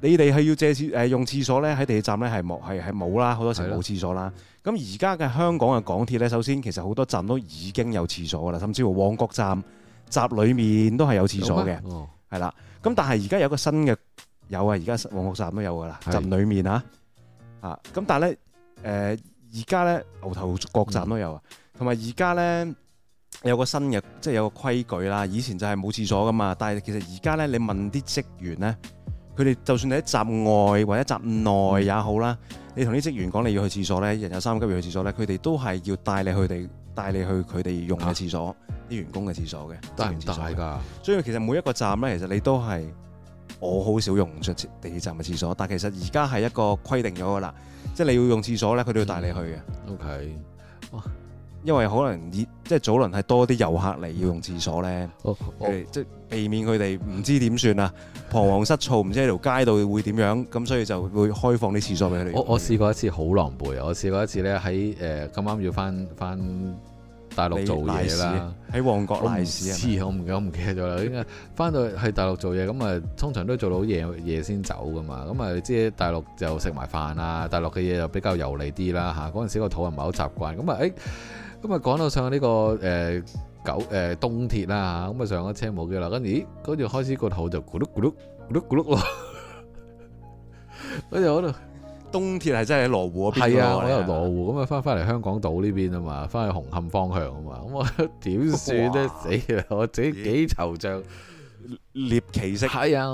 你哋係要借廁用廁所咧，喺地鐵站咧係冇係係冇啦，好多時冇廁所啦。咁而家嘅香港嘅港鐵咧，首先其實好多站都已經有廁所噶啦，甚至乎旺角站閘裡面都係有廁所嘅，係啦。咁、哦、但係而家有個新嘅，有啊，而家旺角站都有噶啦，站裡面啊，啊咁但係咧，誒而家咧牛頭角站都有啊，同、嗯、埋而家咧有個新嘅，即、就、係、是、有個規矩啦。以前就係冇廁所噶嘛，但係其實而家咧，你問啲職員咧，佢哋就算你喺閘外或者閘內也好啦。嗯嗯你同啲職員講你要去廁所咧，人有三個急要去廁所咧，佢哋都係要帶你去，哋帶你去佢哋用嘅廁所，啲、啊、員工嘅廁所嘅，但係大㗎。所以其實每一個站咧，其實你都係我好少用唔出地鐵站嘅廁所，但其實而家係一個規定咗嘅啦，即係你要用廁所咧，佢都要帶你去嘅。嗯、o、okay、K，因為可能以即係早輪係多啲遊客嚟要用廁所咧、嗯哦哦，即避免佢哋唔知點算啊，彷徨失措，唔知喺條街度會點樣，咁所以就會開放啲廁所俾佢哋。我我試過一次好狼狽，我試過一次咧，喺誒咁啱要翻翻大陸做嘢啦，喺旺角屎。我唔我唔記，唔記得咗啦。應該翻到去大陸做嘢，咁 [LAUGHS] 啊通常都做到夜夜先走噶嘛。咁啊，即係大陸就食埋飯啊，大陸嘅嘢又比較油膩啲啦吓，嗰陣時個肚又唔係好習慣，咁啊誒，咁啊講到上呢、呢個、呃九誒，東鐵啦，咁啊，上咗車冇幾耐，跟住咦，跟住開始個頭就咕碌咕碌咕碌咕碌喎，跟 [LAUGHS] 住我度東鐵係真係喺羅湖嗰邊、啊、我喺度羅湖咁啊，翻翻嚟香港島呢邊啊嘛，翻去紅磡方向啊嘛，咁我點算咧？死啦！我自己幾惆悵。欸 [LAUGHS] 獵奇式係啊，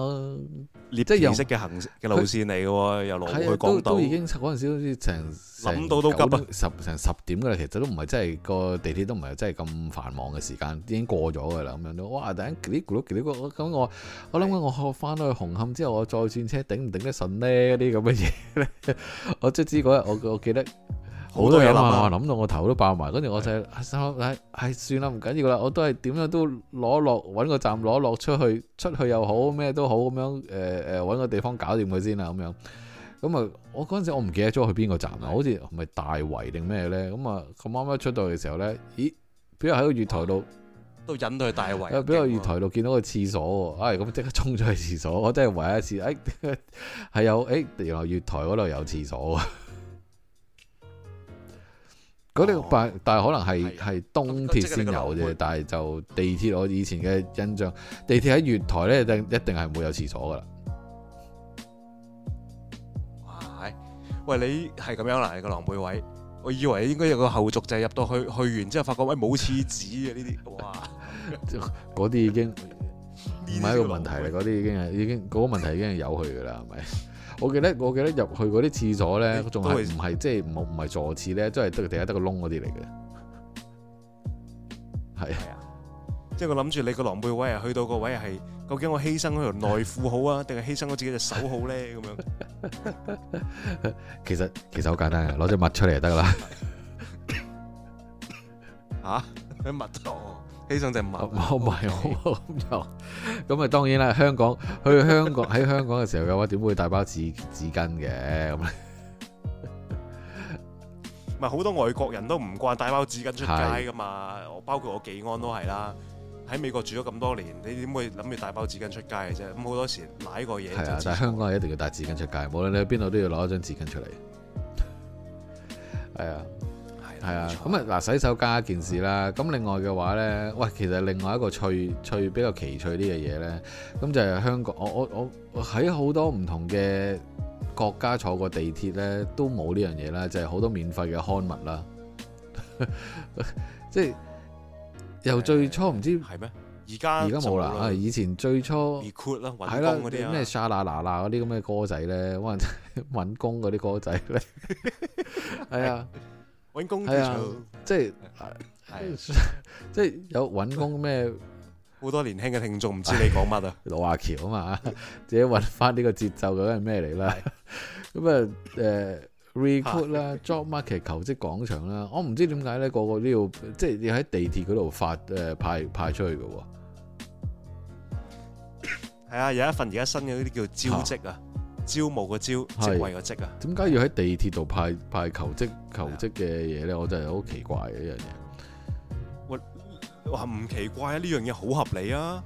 獵奇式嘅行嘅路線嚟嘅喎，又落去港島，都都已經嗰陣時好似成諗到都急十成十點噶啦，其實都唔係真係個地鐵都唔係真係咁繁忙嘅時間，已經過咗噶啦，咁樣都哇，突然間啲咕碌咕碌咁，我我諗緊我翻到去紅磡之後我再轉車頂唔頂得順呢？嗰啲咁嘅嘢咧，我即知嗰日我我記得。好多嘢諗啊諗到我頭都爆埋，跟、啊、住我就心、係、唉，算啦，唔緊要啦，我都係點樣都攞落，揾個站攞落出去，出去又好，咩都好咁樣，誒、呃、誒，揾個地方搞掂佢先啦，咁樣，咁啊，我嗰陣時我唔記得咗去邊個站啊，好似係咪大圍定咩咧？咁啊，咁啱啱出到嘅時候咧，咦，邊度喺個月台度，都引到去大圍，邊、啊、個月台度見到個廁所，唉、哎，咁即刻衝咗去廁所，我真係唯一一次，哎，係有，哎，原來月台嗰度有廁所。嗰啲、哦，但但係可能係係東鐵先有啫，但係就地鐵我以前嘅印象，地鐵喺月台咧定一定係唔會有廁所噶啦。喂，你係咁樣啦，你個狼狽位，我以為應該有個後續就入到去，去完之後發覺喂，冇廁紙嘅呢啲，哇！嗰 [LAUGHS] 啲已經唔係一個問題啦，嗰啲已經係已經嗰、那個問題已經係有去噶啦，係 [LAUGHS] 咪？我記得，我記得入去嗰啲廁所咧，仲係唔係即係冇唔係坐廁咧？都係得第一得個窿嗰啲嚟嘅，係啊，即係我諗住你個狼狽位啊，去到個位係，究竟我犧牲嗰條內褲好啊，定 [LAUGHS] 係犧牲我自己隻手好咧？咁 [LAUGHS] 樣，其實其實好簡單嘅，攞 [LAUGHS] 隻襪出嚟就得㗎啦。吓、 [LAUGHS] [LAUGHS] 啊？喺襪度？起上隻襪，唔係咁就咁啊！當然啦，香港去香港喺香港嘅時候嘅話，點會帶包紙紙巾嘅咁咧？咪 [LAUGHS] 好多外國人都唔慣帶包紙巾出街噶嘛，我包括我幾安都係啦。喺美國住咗咁多年，你點會諗住帶包紙巾出街嘅啫？咁好多時買個嘢就係香港係一定要帶紙巾出街，無論你去邊度都要攞一張紙巾出嚟。係啊。係啊，咁啊嗱，洗手間一件事啦。咁另外嘅話咧，喂，其實另外一個趣趣比較奇趣啲嘅嘢咧，咁就係香港，我我我喺好多唔同嘅國家坐過地鐵咧，都冇呢樣嘢啦，就係、是、好多免費嘅刊物啦。 [LAUGHS] 即係由最初唔、欸、知係咩，而家而家冇啦。啊，以前最初係啦嗰啲咩沙啦嗱嗱嗰啲咁嘅歌仔咧，可能搵工嗰啲歌仔咧，係 [LAUGHS] 是啊。 [LAUGHS] [LAUGHS] 揾工啊！即係係、啊啊啊、即係有揾工咩？好 [LAUGHS] 多年輕嘅聽眾唔知你講乜啊？老華僑啊嘛， [LAUGHS] 自己揾翻呢個節奏究竟係咩嚟啦？咁啊誒，recruit 啦，job market [LAUGHS] 求職廣場啦，我唔知點解咧，個個都要，即、就、係、是、要喺地鐵嗰度發誒派派出去嘅、啊。係啊，有一份而家新嘅呢啲叫招職啊。招募個招，職位個職啊？點解要喺地鐵度派派求職求職嘅嘢咧？我真係好奇怪呢樣嘢。我話唔奇怪啊，呢樣嘢好合理啊。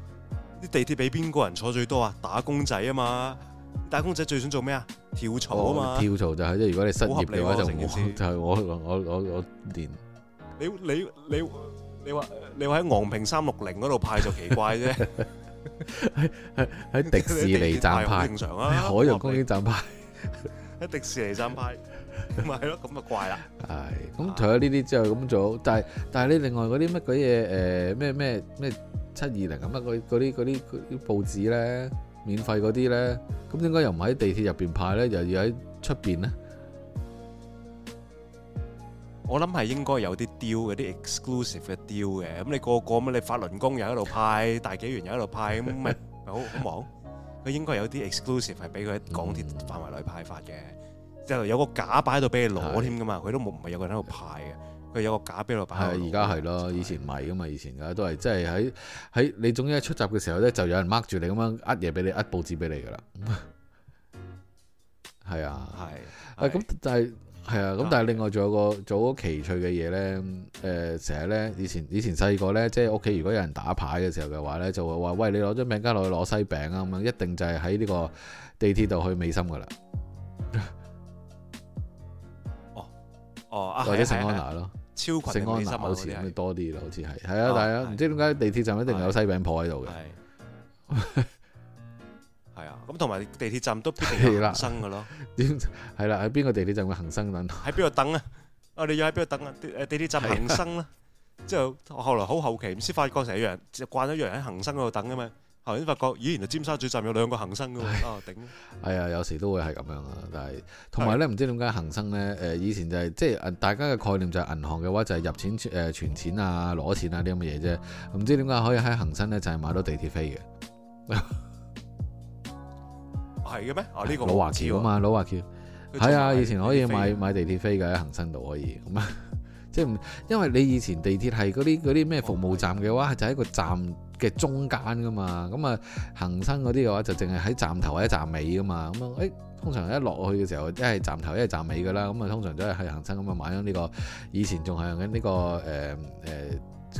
啲地鐵俾邊個人坐最多啊？打工仔啊嘛，打工仔最想做咩啊？跳槽啊嘛，哦，跳槽就係、是、即如果你失業嘅話就冇、啊，就係、是、我我我我，我連你你你你話你話喺昂坪三六零嗰度派就奇怪啫。 [LAUGHS] 喺 [LAUGHS] 喺迪士尼站派，海洋公園站派，喺 [LAUGHS] 迪士尼站派，咪係咯，咁 [LAUGHS] [LAUGHS] 就怪啦。係，咁除咗呢啲之後咁做，但係但係你另外嗰啲乜鬼嘢，誒咩咩咩七二零咁啊，嗰啲嗰啲嗰啲報紙咧，免費嗰啲咧，咁點解又唔喺地鐵入邊派咧，又要喺出邊咧？我諗係應該有啲 deal 嗰啲 exclusive 嘅 deal 嘅，咁你個個乜你法輪功又喺度派， [LAUGHS] 大紀元又喺度派，咁咪好好冇？佢 [LAUGHS] 應該有啲 exclusive 係俾佢喺港鐵範圍內派發嘅，就、嗯、有個架擺喺度俾你攞添噶嘛，佢都唔係有人喺度派嘅，佢有個架喺度擺。係而家係咯，以前唔係噶嘛，以前嘅都係即係喺喺你總之喺出閘嘅時候咧，就有人 mark 住你咁樣呃嘢俾你呃報紙俾你噶啦。係 [LAUGHS] 啊。係。咁就係。係啊，咁但係另外仲有一個做咗奇趣嘅嘢咧，誒、呃，成日咧以前以前細個咧，即係屋企如果有人打牌嘅時候嘅話咧，就會話，喂，你攞張餅咭落去攞西餅啊，咁樣一定就係喺呢個地鐵度去美心噶啦。嗯、 [LAUGHS] 哦哦、啊，或者聖安娜咯，超羣、啊、聖安娜好似多啲咯，好似係，係啊，但係啊，唔知點解地鐵站一定有西餅鋪喺度嘅。 [LAUGHS] 咁同埋地鐵站都必定有恆生嘅咯，點係啦？喺邊個地鐵站會恒生等？喺邊度等啊？我哋要喺邊度等啊？地鐵站恒生啦，之後我後來好後期，唔知發覺成一樣，就慣咗一樣喺恒生嗰度等嘅嘛。後面先發覺，以前就尖沙咀站有兩個恒生嘅喎，啊頂！係啊，有時都會係咁樣啊，但係同埋咧，唔知點解恒生咧誒，以前就係即係大家嘅概念就係銀行嘅話就係入錢，誒，存錢啊、攞錢啊、啲咁嘅嘢啫，唔知點解可以喺恒生咧就係買到地鐵飛嘅。 [LAUGHS] 係嘅咩？啊呢、這個我老華僑啊嘛，老華僑，係啊，以前可以買買地鐵飛嘅喺恒生度可以咁啊，即係唔因為你以前地鐵係嗰啲啲咩服務站嘅話，就喺、是、個站嘅中間噶嘛，咁啊恒生嗰啲嘅話就淨係喺站頭或者站尾噶嘛，咁、哎、啊通常一落去嘅時候，一係站頭一係站尾噶啦，咁啊通常都係去恒生咁啊買咗呢個以前仲係用緊呢、這個誒誒、呃、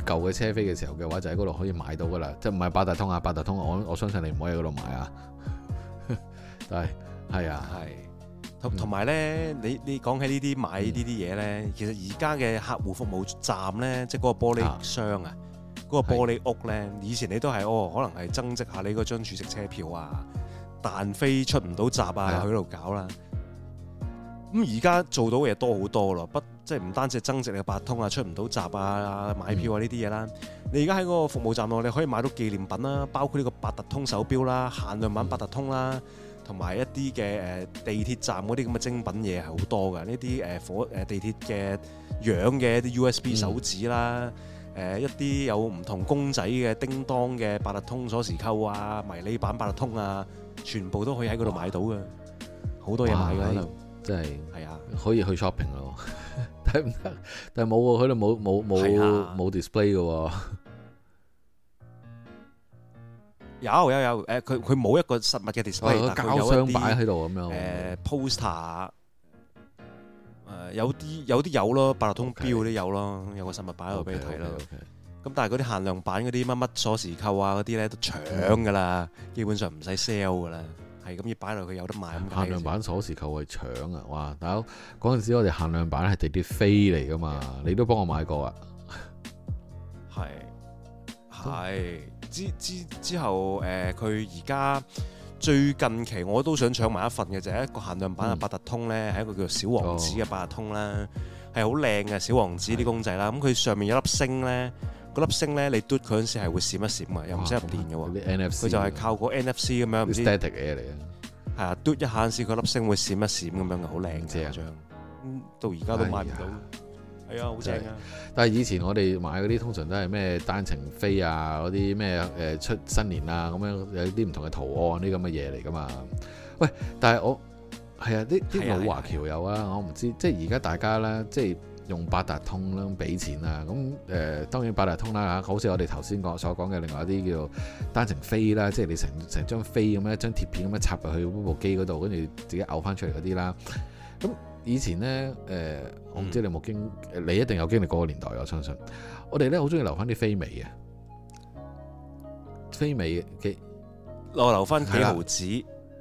舊嘅車飛嘅時候嘅話，就喺嗰度可以買到噶啦，即係唔係八達通啊？八達通、啊、我我相信你唔可以喺嗰度買啊。係，係啊，係同埋咧，你你講起東西呢啲買呢啲嘢咧，其實而家嘅客戶服務站咧，即係嗰個玻璃箱啊，嗰、嗰個玻璃屋咧，以前你都係哦，可能係增值下你嗰張儲值車票啊，但飛出唔到閘啊，喺度搞啦。咁而家做到嘅嘢多好多咯，不即係唔單止增值你嘅八通啊，出唔到閘啊，買票啊呢啲嘢啦。你而家喺嗰個服務站度，你可以買到紀念品啦，包括呢個八達通手錶啦，限量版八達通啦。嗯啊同埋一啲嘅誒地鐵站嗰啲咁嘅精品嘢係好多噶，呢啲誒火誒地鐵嘅樣嘅啲 USB 手指啦，誒、嗯呃、一啲有唔同公仔嘅叮當嘅八達通鎖匙扣啊，迷你版八達通啊，全部都可以喺嗰度買到噶，好多嘢買㗎，可能真係係啊，可以去 shopping 咯， [LAUGHS] 但係唔得，但係冇喎，佢度冇冇冇冇 display 㗎喎。有有有，誒佢佢冇一個實物嘅 display，有啲，有啲有，呃嗯嗯呃、有，有，有咯，八達通標都有咯，okay。有個實物擺喺度俾你睇咯。咁、okay, okay, okay. 但係嗰啲限量版嗰啲乜乜鎖匙扣啊嗰啲咧都搶噶啦，基本上唔使 sell 噶啦，係咁要擺落去有得買。限量版鎖匙扣係搶啊！哇，大佬嗰陣時我哋限量版係地鐵飛嚟噶嘛，yeah. 你都幫我買過啊？係係。之之之後，誒、佢而家最近期我都想搶埋一份嘅，就係一個限量版嘅八達通咧，係、嗯、一個叫做小王子嘅八達通啦，係好靚嘅小王子啲公仔啦。咁佢、嗯、上面有粒星咧，嗰粒星咧，你嘟佢嗰陣時係會閃一閃嘅，又唔使入電嘅喎。佢、啊、就係靠個 NFC 咁樣。Static 嘢嚟嘅。係啊，嘟一下陣時，個粒星會閃一閃咁樣嘅，好靚嘅張。到而家都買唔到。哎係啊，好正啊！但係以前我哋買嗰啲通常都係咩單程飛啊，嗰啲咩誒出新年啊咁樣有啲唔同嘅圖案呢咁嘅嘢嚟㗎嘛？喂，但係我係啊，啲啲老華僑有啊，啊啊我唔知即係而家大家咧，即係用八達通啦，俾錢啊，咁誒、呃、當然八達通啦嚇，好似我哋頭先講所講嘅另外一啲叫做單程飛啦，即係你成成張飛咁樣一張貼片咁樣插入去部機嗰度，跟住自己嘔返出嚟嗰啲啦，咁。以前咧，誒、呃，我唔知你有冇經歷、嗯，你一定有經歷過個年代，我相信。我哋咧好中意留翻啲飛尾嘅，飛尾嘅落留翻幾毫子，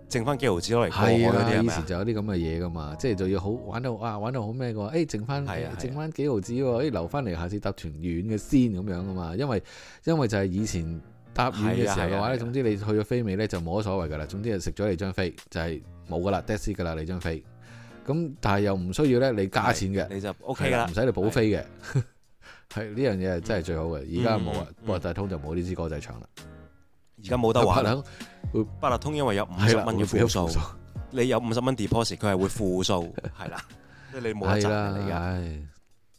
剩翻幾毫子攞嚟。係啊，以前就有啲咁嘅嘢噶嘛，即係就要好玩到啊，玩到好咩嘅，誒、哎，剩翻剩翻幾毫子喎，留翻嚟下次搭團遠嘅先咁樣噶嘛，因為因為就係以前搭遠嘅時候嘅話咧，總之你去咗飛尾咧就冇乜所謂噶啦，總之就食咗你張飛就係冇噶啦，dead 死噶啦，你張飛。咁但係又唔需要咧，你加錢嘅，你就 O K 啦，唔使你補飛嘅，係呢 [LAUGHS] 樣嘢係真係最好嘅。而家冇啊，八、嗯、達通就冇呢支歌仔唱啦。而家冇得玩。八達通，通因為有五十蚊嘅負數，付付數，你有五十蚊 deposit，佢係會負數，係 [LAUGHS] 啦，即係你冇一集。係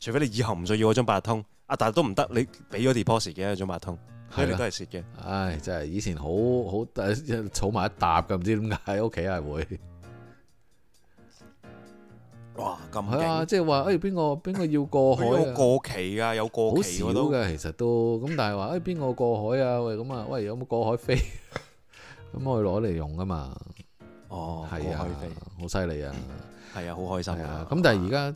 除非你以後唔再要嗰張八達通，啊，但係都唔得，你俾咗 deposit 嘅嗰張八達通，是所以你都係蝕嘅。唉，真係以前好好，啊、在一儲埋一沓嘅，唔知點解喺屋企係會。哇，咁係啊！即係話，誒、哎，邊個邊個要過海啊？過期噶、啊，有過期我嘅，其實都咁。但係話，誒、哎，邊個過海啊？喂，咁啊，喂，有冇過海飛？咁我攞嚟用噶嘛？哦、啊，過海飛，好犀利啊！係啊，好開心啊！咁、啊、但係而家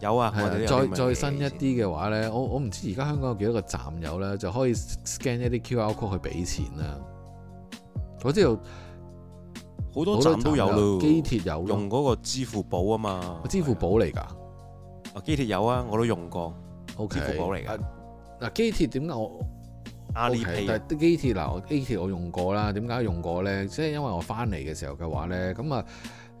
有啊，有啊再再新一啲嘅話咧，我我唔知而家香港有幾多個站友咧，就可以 scan 一啲 QR code 去俾錢啦。或者有。好多站都有咯，機鐵有用嗰個支付寶啊嘛，支付寶嚟噶，啊機鐵有啊，我都用過，okay, 支付寶嚟噶、啊。嗱、啊、機鐵點解我啊 okay, 啊、okay, 但係啲機鐵嗱機鐵我用過啦，點解用過咧？即係因為我翻嚟嘅時候嘅話咧，咁啊。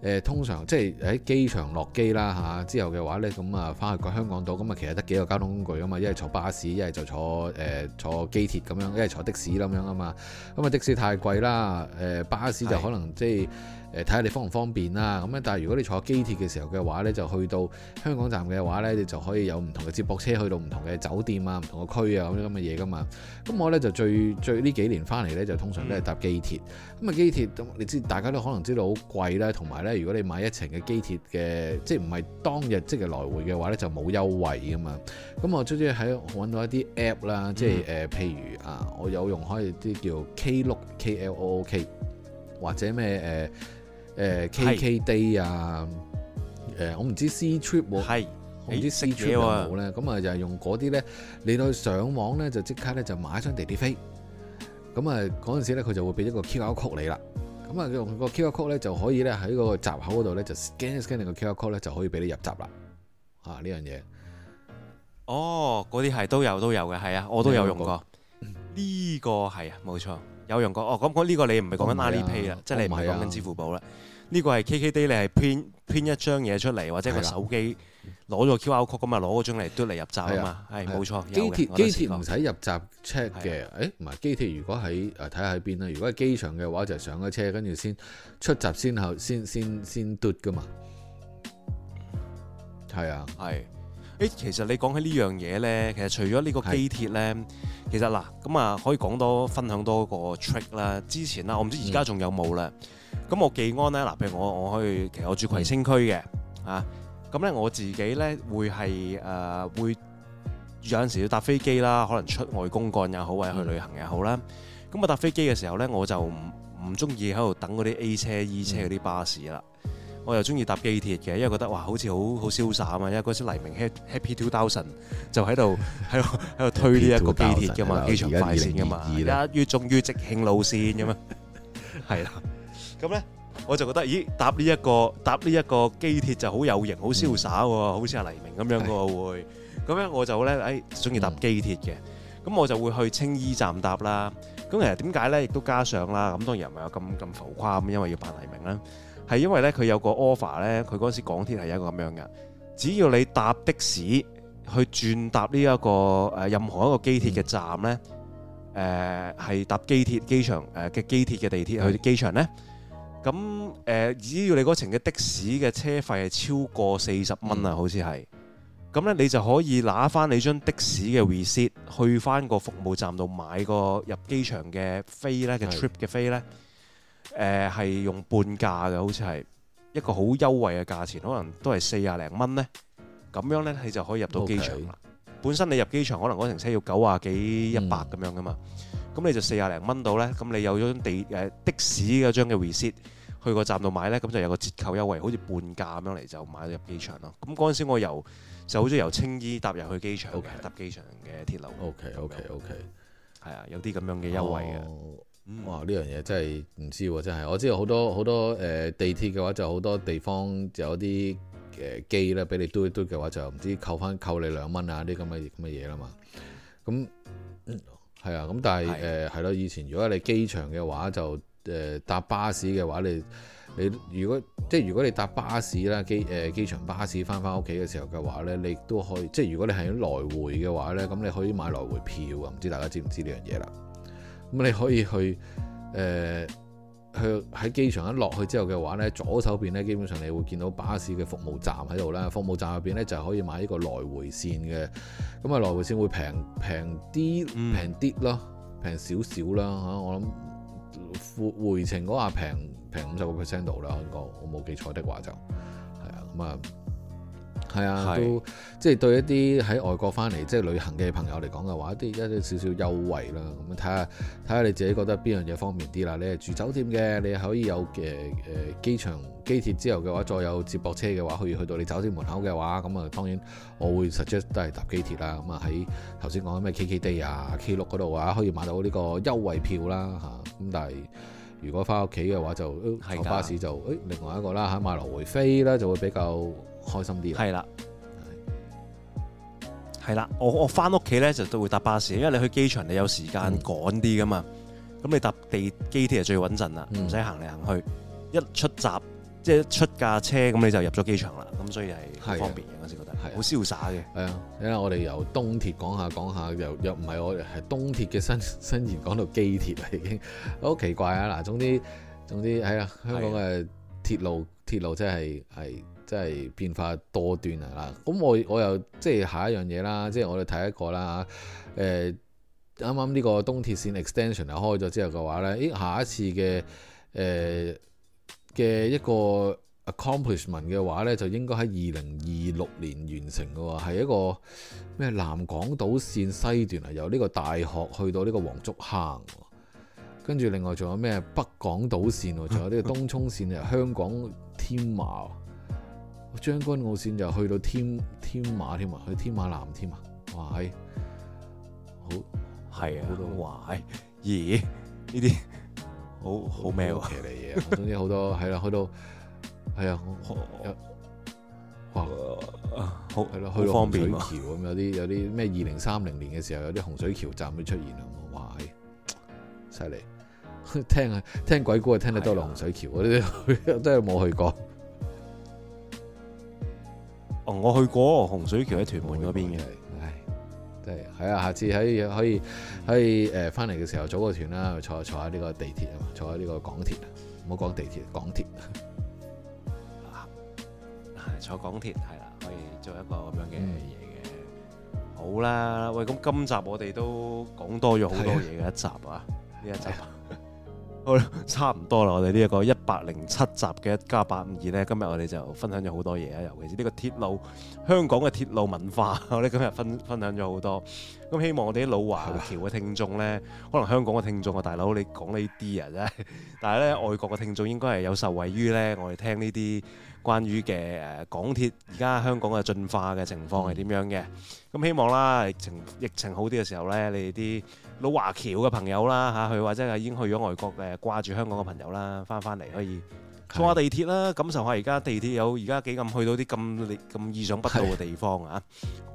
誒、呃、通常即係喺機場落機啦嚇，之後嘅話呢，咁啊翻去個香港島，咁啊其實得幾個交通工具啊嘛，一係坐巴士，一係就坐誒、呃、坐機鐵咁樣，一係坐的士咁樣啊嘛，咁啊的士太貴啦，誒、呃、巴士就可能即係。誒睇下你方唔方便啦，咁咧但係如果你坐機鐵嘅時候嘅話咧，就去到香港站嘅話咧，你就可以有唔同嘅接駁車去到唔同嘅酒店啊、唔同嘅區啊咁樣咁嘅嘢噶嘛。咁我咧就最最呢幾年翻嚟咧，就通常都係搭機鐵。咁啊機鐵，你知大家都可能知道好貴啦，同埋咧如果你買一程嘅機鐵嘅，即係唔係當日即係來回嘅話咧，就冇優惠噶嘛。咁我最中意喺揾到一啲 app 啦，即係誒譬如啊，我有用開啲叫 Klook K L O O K 或者咩誒？呃誒 KKday 啊，誒、啊、我唔知 C Trip 喎、啊，我唔知 C Trip 有冇咧，咁啊就係用嗰啲咧，你去上網咧就即刻咧就買一張地鐵飛，咁啊嗰陣時咧佢就會俾一個 QR code 你啦，咁啊用個 QR code 咧就可以咧喺嗰個閘口嗰度咧就 scan scan 定個 QR code 咧就可以俾你入閘啦，嚇、啊、呢樣嘢。哦，嗰啲係都有都有嘅，係啊，我都有用過。呢、這個係啊，冇錯，有用過。哦，咁嗰呢個你唔係講緊 Alipay 啦，即、就、係、是、你唔係講緊支付寶啦。呢、這個係 K K D，你係編編一張嘢出嚟，或者個手機攞咗 Q R code 咁啊，攞嗰張嚟嘟嚟入閘啊嘛，係冇錯嘅。機鐵機鐵唔使入閘 check 嘅，誒唔係機鐵如果喺誒睇下喺邊啦。如果係機場嘅話，就是、上咗車跟住先出閘先後先先先嘟㗎嘛。係啊，係。誒，其實你講起呢樣嘢咧，其實除咗呢個機鐵咧，其實嗱咁啊，可以講多分享多個 trick 啦。之前啦，我唔知而家仲有冇啦。嗯嗯咁我寄安咧，嗱，譬如我我可以，其實我住葵青區嘅，啊，咁咧我自己咧會係誒會有陣時要搭飛機啦，可能出外公幹又好，或者去旅行又好啦。咁我搭飛機嘅時候咧，我就唔唔中意喺度等嗰啲 A 車、E 車嗰啲巴士啦，我又中意搭機鐵嘅，因為覺得哇，好似好好瀟灑啊嘛，因為嗰時黎明 Happy To Dawson 就喺度喺喺度推呢一個機鐵㗎嘛，機場快線㗎嘛，一於終於直慶路線咁啊，係啦。咁咧，我就覺得，咦，搭呢、這、一個搭呢一個機鐵就好有型，好、嗯、瀟灑喎，好似阿黎明咁樣喎，會咁樣我就咧，誒、哎，中意搭機鐵嘅，咁、嗯、我就會去青衣站搭啦。咁其實點解咧，亦都加上啦，咁當然唔係有咁咁浮誇咁，因為要扮黎明啦，係因為咧佢有個 offer 咧，佢嗰時港鐵係一個咁樣嘅，只要你搭的士去轉搭呢、這、一個誒、呃、任何一個機鐵嘅站咧，誒、嗯、係、呃、搭機鐵機場誒嘅、呃、機鐵嘅地鐵去機場咧。嗯咁誒，只、呃、要你嗰程嘅的，的士嘅車費係超過四十蚊啊，嗯、好似係，咁呢，你就可以拿翻你張的士嘅 receipt 去翻個服務站度買個入機場嘅飛呢，嘅 trip 嘅飛呢，誒、呃、係用半價嘅，好似係一個好優惠嘅價錢，可能都係四廿零蚊呢。咁樣呢，你就可以入到機場。本身你入機場可能嗰程車要九廿幾一百咁樣噶嘛。咁你就四廿零蚊到咧，咁你有咗地誒的士嗰張嘅 reset 去個站度買咧，咁就有個折扣優惠，好似半價咁樣嚟就買咗入機場咯。咁嗰陣時我由就好似由青衣搭入去機場、okay. 搭機場嘅鐵路。O K O K O K，係啊，有啲咁樣嘅優惠啊。咁啊呢樣嘢真係唔知喎，真係我知道好多好多誒、呃、地鐵嘅話就好多地方就有啲誒機咧，俾你嘟嘟嘅話就唔知扣翻扣你兩蚊啊，啲咁嘅咁嘅嘢啦嘛。咁係啊，咁但係誒係咯，以前如果你機場嘅話就誒、呃、搭巴士嘅話，你你如果即係如果你搭巴士啦機誒、呃、機場巴士翻返屋企嘅時候嘅話呢，你都可以即係如果你係要來回嘅話呢，咁你可以買來回票啊！唔知大家知唔知呢樣嘢啦？咁你可以去誒。呃去喺機場一落去之後嘅話咧，左手邊咧基本上你會見到巴士嘅服務站喺度啦，服務站入邊咧就可以買呢個來回線嘅。咁啊來回線會平平啲，平啲咯，平少少啦嚇，我諗回程嗰下平平五十個 percent 度啦，我應該，我冇記錯的話就係啊咁啊。係啊，都即係對一啲喺外國翻嚟即係旅行嘅朋友嚟講嘅話，一啲一啲少少優惠啦。咁睇下睇下你自己覺得邊樣嘢方便啲啦。你係住酒店嘅，你可以有嘅誒機場機鐵之後嘅話，再有接駁車嘅話，可以去到你酒店門口嘅話，咁、嗯、啊當然我會 suggest 都係搭機鐵啦。咁啊喺頭先講咩 K K Day 啊 K 六嗰度啊，KKD，可以買到呢個優惠票啦嚇。咁、嗯、但係如果翻屋企嘅話就坐巴士就誒另外一個啦嚇，買來回飛啦就會比較。開心啲係啦，係啦，我我翻屋企咧就都會搭巴士，因為你去機場你有時間趕啲噶嘛，咁、嗯、你搭地機鐵係最穩陣啦，唔、嗯、使行嚟行去，一出閘即係出架車，咁你就入咗機場啦，咁所以係方便嘅，啊，我是覺得係好瀟灑嘅，係啊，因為、啊、我哋由東鐵講下講下，又又唔係我哋係東鐵嘅新新延講到機鐵啦，已經好奇怪啊，嗱，總之總之係啊，香港嘅鐵路鐵、啊、路真係係。真係變化多端啊！嗱，咁我我又即係下一樣嘢啦，即係我哋睇一個啦嚇。誒，啱啱呢個東鐵線 extension 開咗之後嘅話呢，咦，下一次嘅誒嘅一個 accomplishment 嘅話呢就應該喺二零二六年完成㗎喎，係一個咩南港島線西段啊，由呢個大學去到呢個黃竹坑，跟住另外仲有咩北港島線，仲有呢個東涌線啊， [LAUGHS] 香港添馬。將軍澳線就去到添添馬添啊，去添馬南添啊，哇！係好係啊，好多哇！哎，咦？呢啲好好咩喎？奇嚟嘢，總之好多係啦，去到係啊，哇！好係咯、啊，去到洪水橋咁、啊、有啲有啲咩二零三零年嘅時候有啲洪水橋站都出現啊！哇！係犀利，聽啊聽鬼故啊，聽得多落洪水橋嗰啲都係冇去過。我去過洪水橋，喺屯門嗰邊嘅，係，係，係啊，下次可以可以可以誒翻嚟嘅時候組個團啦，坐坐下呢個地鐵啊嘛，坐下呢個港鐵啊，唔好講地鐵，港鐵，坐港鐵係啦，可以做一個咁樣嘅嘢嘅。好啦，喂，咁今集我哋都講多咗好多嘢嘅一,一集啊，呢一集。好，差唔多啦，我哋呢一個一百零七集嘅一家八五二呢，今日我哋就分享咗好多嘢啊，尤其是呢個鐵路香港嘅鐵路文化，我哋今日分分享咗好多。咁希望我哋啲老華僑嘅聽眾呢， [LAUGHS] 可能香港嘅聽眾啊，大佬你講呢啲啊啫。但係呢，外國嘅聽眾應該係有受惠於呢。我哋聽呢啲關於嘅誒港鐵而家香港嘅進化嘅情況係點樣嘅。嗯咁希望啦，疫情疫情好啲嘅時候咧，你哋啲老華僑嘅朋友啦嚇，去或者係已經去咗外國嘅掛住香港嘅朋友啦，翻翻嚟可以坐下地鐵啦，感受下而家地鐵有而家幾咁去到啲咁咁意想不到嘅地方啊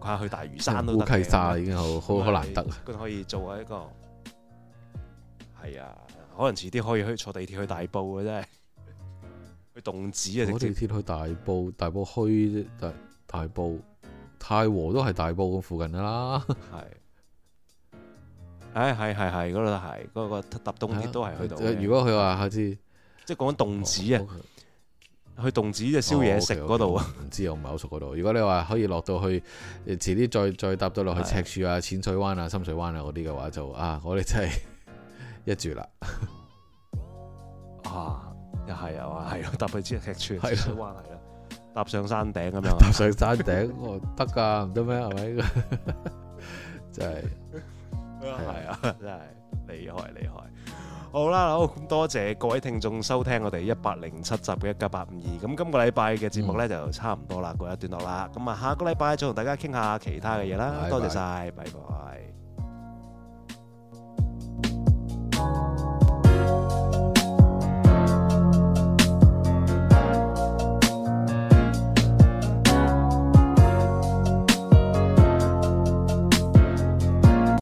嚇，下去大嶼山都得，已經好好好難得啊，都可以做下一個係啊，可能遲啲可以去坐地鐵去大埔嘅啫。係，去洞子啊，坐地鐵去大埔，大埔墟大埔。大埔太和都係大埔附近啦，係，唉，係係係嗰度都係，嗰個搭東鐵都係去到。如果佢話係知，即係講洞子啊，去洞子嘅宵夜食嗰度啊。唔知啊，我唔係好熟嗰度。 [LAUGHS] 如果你話可以落到去，遲啲再再搭到落去赤柱啊、淺水灣啊、深水灣啊嗰啲嘅話，就啊，我哋真係一住啦。啊，又係啊，係，特別啲赤柱、淺水灣係。搭上山頂咁樣，搭上山頂，我得噶唔得咩？係咪？真係，係啊，真係，厲害厲害！好啦，好，多謝各位聽眾收聽我哋一百零七集嘅一家八五二。咁今個禮拜嘅節目咧就差唔多啦，過一段落啦。咁啊，下個禮拜再同大家傾下其他嘅嘢啦。多謝晒，拜拜。